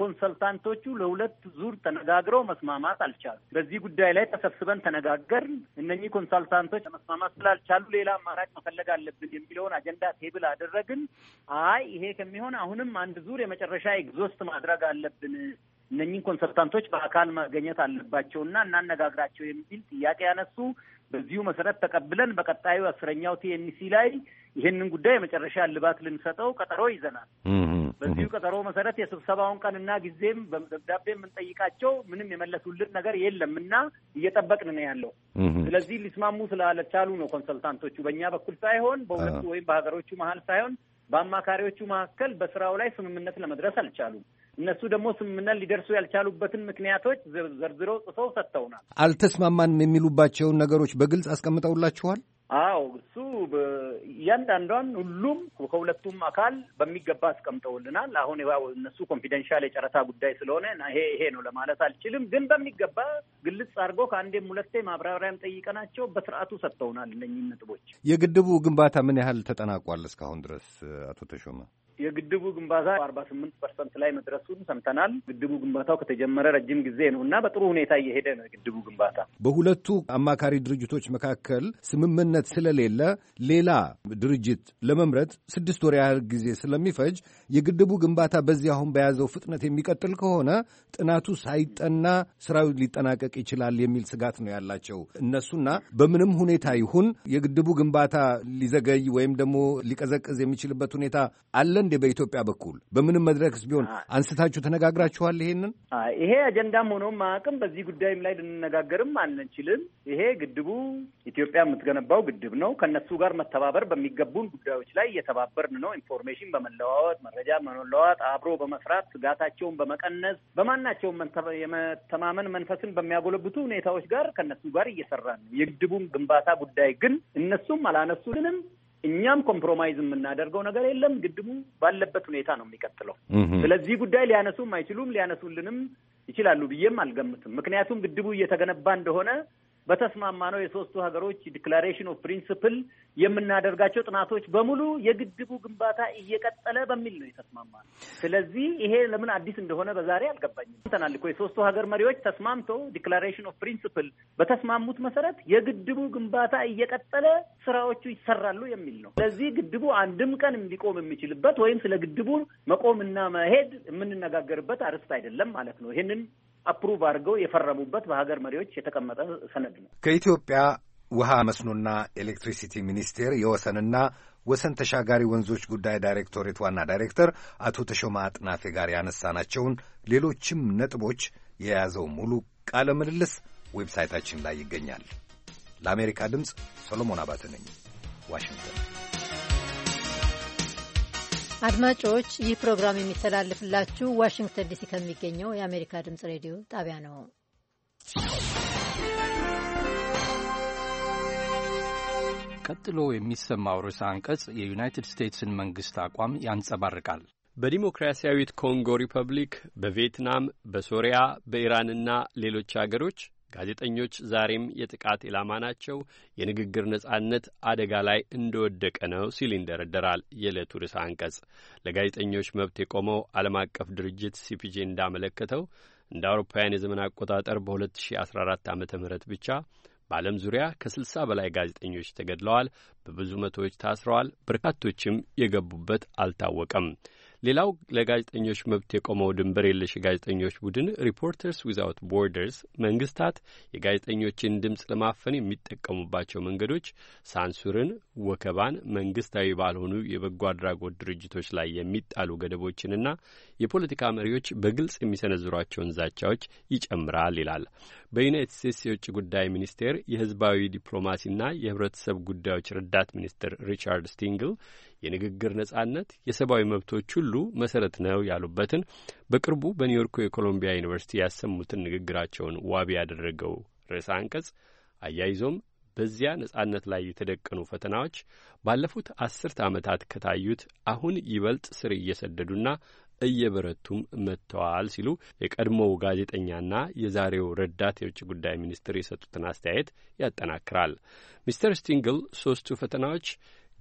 ኮንሰልታንቶቹ ለሁለት ዙር ተነጋግረው መስማማት አልቻሉ። በዚህ ጉዳይ ላይ ተሰብስበን ተነጋገር። እነኚህ ኮንሰልታንቶች መስማማት ስላልቻሉ ሌላ አማራጭ መፈለግ አለብን የሚለውን አጀንዳ ቴብል አደረግን። አይ ይሄ ከሚሆን አሁንም አንድ ዙር የመጨረሻ ኤግዞስት ማድረግ አለብን፣ እነኚህን ኮንሰልታንቶች በአካል ማገኘት አለባቸውና እናነጋግራቸው የሚል ጥያቄ ያነሱ በዚሁ መሰረት ተቀብለን በቀጣዩ አስረኛው ቲኤንሲ ላይ ይህንን ጉዳይ የመጨረሻ እልባት ልንሰጠው ቀጠሮ ይዘናል። በዚሁ ቀጠሮ መሰረት የስብሰባውን ቀንና ጊዜም በደብዳቤ የምንጠይቃቸው ምንም የመለሱልን ነገር የለም እና እየጠበቅን ነው ያለው። ስለዚህ ሊስማሙ ስላለቻሉ ነው ኮንሰልታንቶቹ፣ በእኛ በኩል ሳይሆን በሁለቱ ወይም በሀገሮቹ መሀል ሳይሆን በአማካሪዎቹ መካከል በስራው ላይ ስምምነት ለመድረስ አልቻሉም። እነሱ ደግሞ ስምምነት ሊደርሱ ያልቻሉበትን ምክንያቶች ዘርዝረው ጽፈው ሰጥተውናል። አልተስማማንም የሚሉባቸውን ነገሮች በግልጽ አስቀምጠውላችኋል? አዎ እሱ እያንዳንዷን ሁሉም ከሁለቱም አካል በሚገባ አስቀምጠውልናል። አሁን እነሱ ኮንፊደንሻል የጨረታ ጉዳይ ስለሆነ ይሄ ይሄ ነው ለማለት አልችልም፣ ግን በሚገባ ግልጽ አድርጎ ከአንዴም ሁለቴ ማብራሪያም ጠይቀናቸው በስርዓቱ ሰጥተውናል። እነኚህ ነጥቦች የግድቡ ግንባታ ምን ያህል ተጠናቋል እስካሁን ድረስ አቶ ተሾመ? የግድቡ ግንባታ አርባ ስምንት ፐርሰንት ላይ መድረሱን ሰምተናል። ግድቡ ግንባታው ከተጀመረ ረጅም ጊዜ ነው እና በጥሩ ሁኔታ እየሄደ ነው የግድቡ ግንባታ። በሁለቱ አማካሪ ድርጅቶች መካከል ስምምነት ስለሌለ ሌላ ድርጅት ለመምረጥ ስድስት ወር ያህል ጊዜ ስለሚፈጅ የግድቡ ግንባታ በዚህ አሁን በያዘው ፍጥነት የሚቀጥል ከሆነ ጥናቱ ሳይጠና ስራው ሊጠናቀቅ ይችላል የሚል ስጋት ነው ያላቸው እነሱና በምንም ሁኔታ ይሁን የግድቡ ግንባታ ሊዘገይ ወይም ደግሞ ሊቀዘቅዝ የሚችልበት ሁኔታ አለ ዘንድ በኢትዮጵያ በኩል በምንም መድረክስ ቢሆን አንስታችሁ ተነጋግራችኋል? ይሄንን ይሄ አጀንዳም ሆኖም አቅም በዚህ ጉዳይም ላይ ልንነጋገርም አንችልም። ይሄ ግድቡ ኢትዮጵያ የምትገነባው ግድብ ነው። ከነሱ ጋር መተባበር በሚገቡን ጉዳዮች ላይ እየተባበርን ነው። ኢንፎርሜሽን በመለዋወጥ መረጃ በመለዋወጥ አብሮ በመስራት ስጋታቸውን በመቀነስ በማናቸውም የመተማመን መንፈስን በሚያጎለብቱ ሁኔታዎች ጋር ከነሱ ጋር እየሰራን ነው። የግድቡን ግንባታ ጉዳይ ግን እነሱም አላነሱልንም። እኛም ኮምፕሮማይዝ የምናደርገው ነገር የለም። ግድቡ ባለበት ሁኔታ ነው የሚቀጥለው። ስለዚህ ጉዳይ ሊያነሱም አይችሉም፣ ሊያነሱልንም ይችላሉ ብዬም አልገምትም። ምክንያቱም ግድቡ እየተገነባ እንደሆነ በተስማማ ነው የሶስቱ ሀገሮች ዲክላሬሽን ኦፍ ፕሪንስፕል የምናደርጋቸው ጥናቶች በሙሉ የግድቡ ግንባታ እየቀጠለ በሚል ነው ነው። ስለዚህ ይሄ ለምን አዲስ እንደሆነ በዛሬ አልገባኝም። ተናል እኮ የሶስቱ ሀገር መሪዎች ተስማምተው ዲክላሬሽን ኦፍ ፕሪንስፕል በተስማሙት መሰረት የግድቡ ግንባታ እየቀጠለ ስራዎቹ ይሰራሉ የሚል ነው። ስለዚህ ግድቡ አንድም ቀን እንዲቆም የሚችልበት ወይም ስለ ግድቡ መቆምና መሄድ የምንነጋገርበት አርስት አይደለም ማለት ነው። ይህንን አፕሩቭ አድርገው የፈረሙበት በሀገር መሪዎች የተቀመጠ ሰነድ ነው። ከኢትዮጵያ ውሃ መስኖና ኤሌክትሪሲቲ ሚኒስቴር የወሰንና ወሰን ተሻጋሪ ወንዞች ጉዳይ ዳይሬክቶሬት ዋና ዳይሬክተር አቶ ተሾማ አጥናፌ ጋር ያነሳናቸውን ሌሎችም ነጥቦች የያዘው ሙሉ ቃለ ምልልስ ዌብሳይታችን ላይ ይገኛል። ለአሜሪካ ድምፅ ሰሎሞን አባተ ነኝ፣ ዋሽንግተን አድማጮች ይህ ፕሮግራም የሚተላለፍላችሁ ዋሽንግተን ዲሲ ከሚገኘው የአሜሪካ ድምፅ ሬዲዮ ጣቢያ ነው። ቀጥሎ የሚሰማው ርዕሰ አንቀጽ የዩናይትድ ስቴትስን መንግሥት አቋም ያንጸባርቃል። በዲሞክራሲያዊት ኮንጎ ሪፐብሊክ፣ በቪየትናም፣ በሶሪያ፣ በኢራንና ሌሎች አገሮች ጋዜጠኞች ዛሬም የጥቃት ኢላማ ናቸው፣ የንግግር ነጻነት አደጋ ላይ እንደወደቀ ነው ሲል ይንደረደራል የዕለቱ ርዕሰ አንቀጽ። ለጋዜጠኞች መብት የቆመው ዓለም አቀፍ ድርጅት ሲፒጂ እንዳመለከተው እንደ አውሮፓውያን የዘመን አቆጣጠር በ2014 ዓ ም ብቻ በዓለም ዙሪያ ከ60 በላይ ጋዜጠኞች ተገድለዋል፣ በብዙ መቶዎች ታስረዋል፣ በርካቶችም የገቡበት አልታወቀም። ሌላው ለጋዜጠኞች መብት የቆመው ድንበር የለሽ የጋዜጠኞች ቡድን ሪፖርተርስ ዊዛውት ቦርደርስ መንግስታት የጋዜጠኞችን ድምፅ ለማፈን የሚጠቀሙባቸው መንገዶች ሳንሱርን ወከባን፣ መንግስታዊ ባልሆኑ የበጎ አድራጎት ድርጅቶች ላይ የሚጣሉ ገደቦችንና የፖለቲካ መሪዎች በግልጽ የሚሰነዝሯቸውን ዛቻዎች ይጨምራል ይላል። በዩናይትድ ስቴትስ የውጭ ጉዳይ ሚኒስቴር የህዝባዊ ዲፕሎማሲና የህብረተሰብ ጉዳዮች ረዳት ሚኒስትር ሪቻርድ ስቲንግል የንግግር ነጻነት የሰብአዊ መብቶች ሁሉ መሰረት ነው ያሉበትን በቅርቡ በኒውዮርኩ የኮሎምቢያ ዩኒቨርሲቲ ያሰሙትን ንግግራቸውን ዋቢ ያደረገው ርዕሰ አንቀጽ አያይዞም በዚያ ነጻነት ላይ የተደቀኑ ፈተናዎች ባለፉት አስርት ዓመታት ከታዩት አሁን ይበልጥ ስር እየሰደዱና እየበረቱም መጥተዋል ሲሉ የቀድሞው ጋዜጠኛና የዛሬው ረዳት የውጭ ጉዳይ ሚኒስትር የሰጡትን አስተያየት ያጠናክራል። ሚስተር ስቲንግል ሦስቱ ፈተናዎች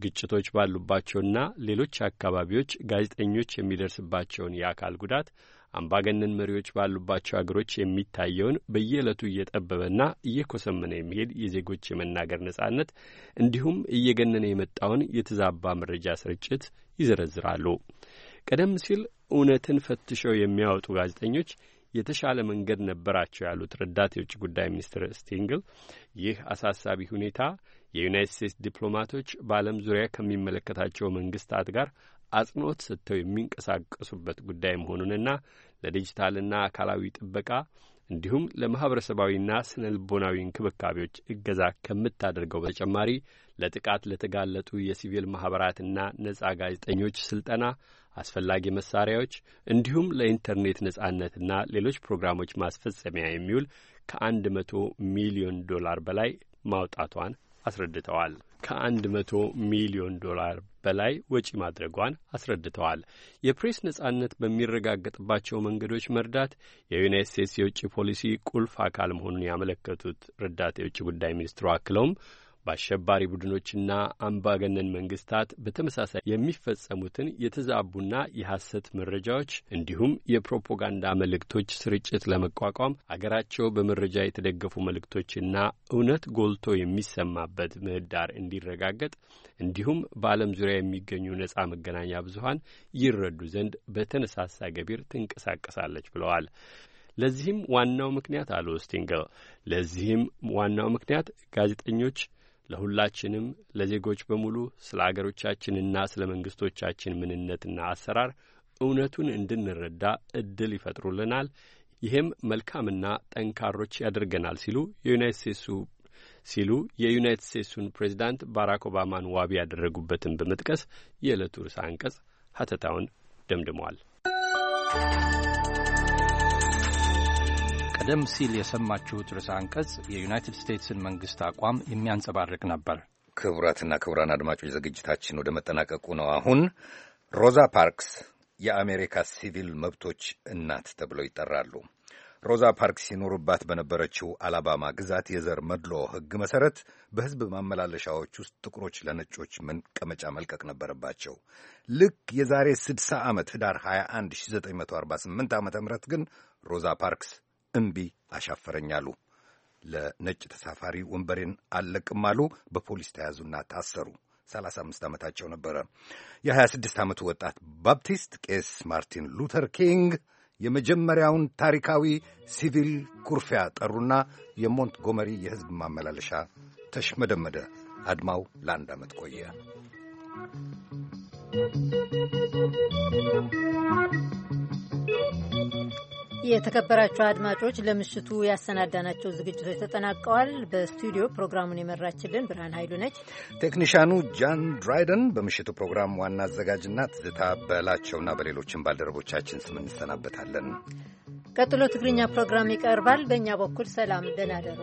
ግጭቶች ባሉባቸውና ሌሎች አካባቢዎች ጋዜጠኞች የሚደርስባቸውን የአካል ጉዳት አምባገነን መሪዎች ባሉባቸው አገሮች የሚታየውን በየዕለቱ እየጠበበና እየኮሰመነ የሚሄድ የዜጎች የመናገር ነጻነት እንዲሁም እየገነነ የመጣውን የተዛባ መረጃ ስርጭት ይዘረዝራሉ። ቀደም ሲል እውነትን ፈትሸው የሚያወጡ ጋዜጠኞች የተሻለ መንገድ ነበራቸው ያሉት ረዳት የውጭ ጉዳይ ሚኒስትር ስቲንግል ይህ አሳሳቢ ሁኔታ የዩናይት ስቴትስ ዲፕሎማቶች በዓለም ዙሪያ ከሚመለከታቸው መንግስታት ጋር አጽንኦት ሰጥተው የሚንቀሳቀሱበት ጉዳይ መሆኑንና ለዲጂታልና አካላዊ ጥበቃ እንዲሁም ለማኅበረሰባዊና ስነ ልቦናዊ እንክብካቤዎች እገዛ ከምታደርገው በተጨማሪ ለጥቃት ለተጋለጡ የሲቪል ማኅበራትና ነጻ ጋዜጠኞች ስልጠና፣ አስፈላጊ መሳሪያዎች እንዲሁም ለኢንተርኔት ነጻነትና ሌሎች ፕሮግራሞች ማስፈጸሚያ የሚውል ከአንድ መቶ ሚሊዮን ዶላር በላይ ማውጣቷን አስረድተዋል። ከአንድ መቶ ሚሊዮን ዶላር በላይ ወጪ ማድረጓን አስረድተዋል። የፕሬስ ነጻነት በሚረጋገጥባቸው መንገዶች መርዳት የዩናይት ስቴትስ የውጭ ፖሊሲ ቁልፍ አካል መሆኑን ያመለከቱት ረዳት የውጭ ጉዳይ ሚኒስትሩ አክለውም በአሸባሪ ቡድኖችና አምባገነን መንግስታት በተመሳሳይ የሚፈጸሙትን የተዛቡና የሐሰት መረጃዎች እንዲሁም የፕሮፓጋንዳ መልእክቶች ስርጭት ለመቋቋም አገራቸው በመረጃ የተደገፉ መልእክቶችና እውነት ጎልቶ የሚሰማበት ምህዳር እንዲረጋገጥ እንዲሁም በዓለም ዙሪያ የሚገኙ ነጻ መገናኛ ብዙሀን ይረዱ ዘንድ በተነሳሳ ገቢር ትንቀሳቀሳለች ብለዋል። ለዚህም ዋናው ምክንያት አሉ ስቲንግል ለዚህም ዋናው ምክንያት ጋዜጠኞች ለሁላችንም ለዜጎች በሙሉ ስለ አገሮቻችንና ስለ መንግስቶቻችን ምንነትና አሰራር እውነቱን እንድንረዳ እድል ይፈጥሩልናል። ይህም መልካምና ጠንካሮች ያደርገናል ሲሉ የዩናይት ስቴትሱ ሲሉ የዩናይት ስቴትሱን ፕሬዚዳንት ባራክ ኦባማን ዋቢ ያደረጉበትን በመጥቀስ የዕለቱ ርዕሰ አንቀጽ ሀተታውን ደምድመዋል። ቀደም ሲል የሰማችሁት ርዕሰ አንቀጽ የዩናይትድ ስቴትስን መንግስት አቋም የሚያንጸባርቅ ነበር። ክቡራትና ክቡራን አድማጮች ዝግጅታችን ወደ መጠናቀቁ ነው። አሁን ሮዛ ፓርክስ የአሜሪካ ሲቪል መብቶች እናት ተብለው ይጠራሉ። ሮዛ ፓርክስ ሲኖሩባት በነበረችው አላባማ ግዛት የዘር መድሎ ሕግ መሠረት በሕዝብ ማመላለሻዎች ውስጥ ጥቁሮች ለነጮች መቀመጫ መልቀቅ ነበረባቸው። ልክ የዛሬ 60 ዓመት ኅዳር 21 1948 ዓ ም ግን ሮዛ ፓርክስ እምቢ አሻፈረኝ አሉ። ለነጭ ተሳፋሪ ወንበሬን አልለቅም አሉ። በፖሊስ ተያዙና ታሰሩ። 35 ዓመታቸው ነበረ። የ26 ዓመቱ ወጣት ባፕቲስት ቄስ ማርቲን ሉተር ኪንግ የመጀመሪያውን ታሪካዊ ሲቪል ኩርፊያ ጠሩና የሞንትጎመሪ የሕዝብ ማመላለሻ ተሽመደመደ። አድማው ለአንድ ዓመት ቆየ። Thank you. የተከበራቸው አድማጮች ለምሽቱ ያሰናዳናቸው ዝግጅቶች ተጠናቀዋል። በስቱዲዮ ፕሮግራሙን የመራችልን ብርሃን ኃይሉ ነች። ቴክኒሻኑ ጃን ድራይደን፣ በምሽቱ ፕሮግራም ዋና አዘጋጅና ትዝታ በላቸውና በሌሎችን ባልደረቦቻችን ስም እንሰናበታለን። ቀጥሎ ትግርኛ ፕሮግራም ይቀርባል። በእኛ በኩል ሰላም፣ ደህና ደሩ።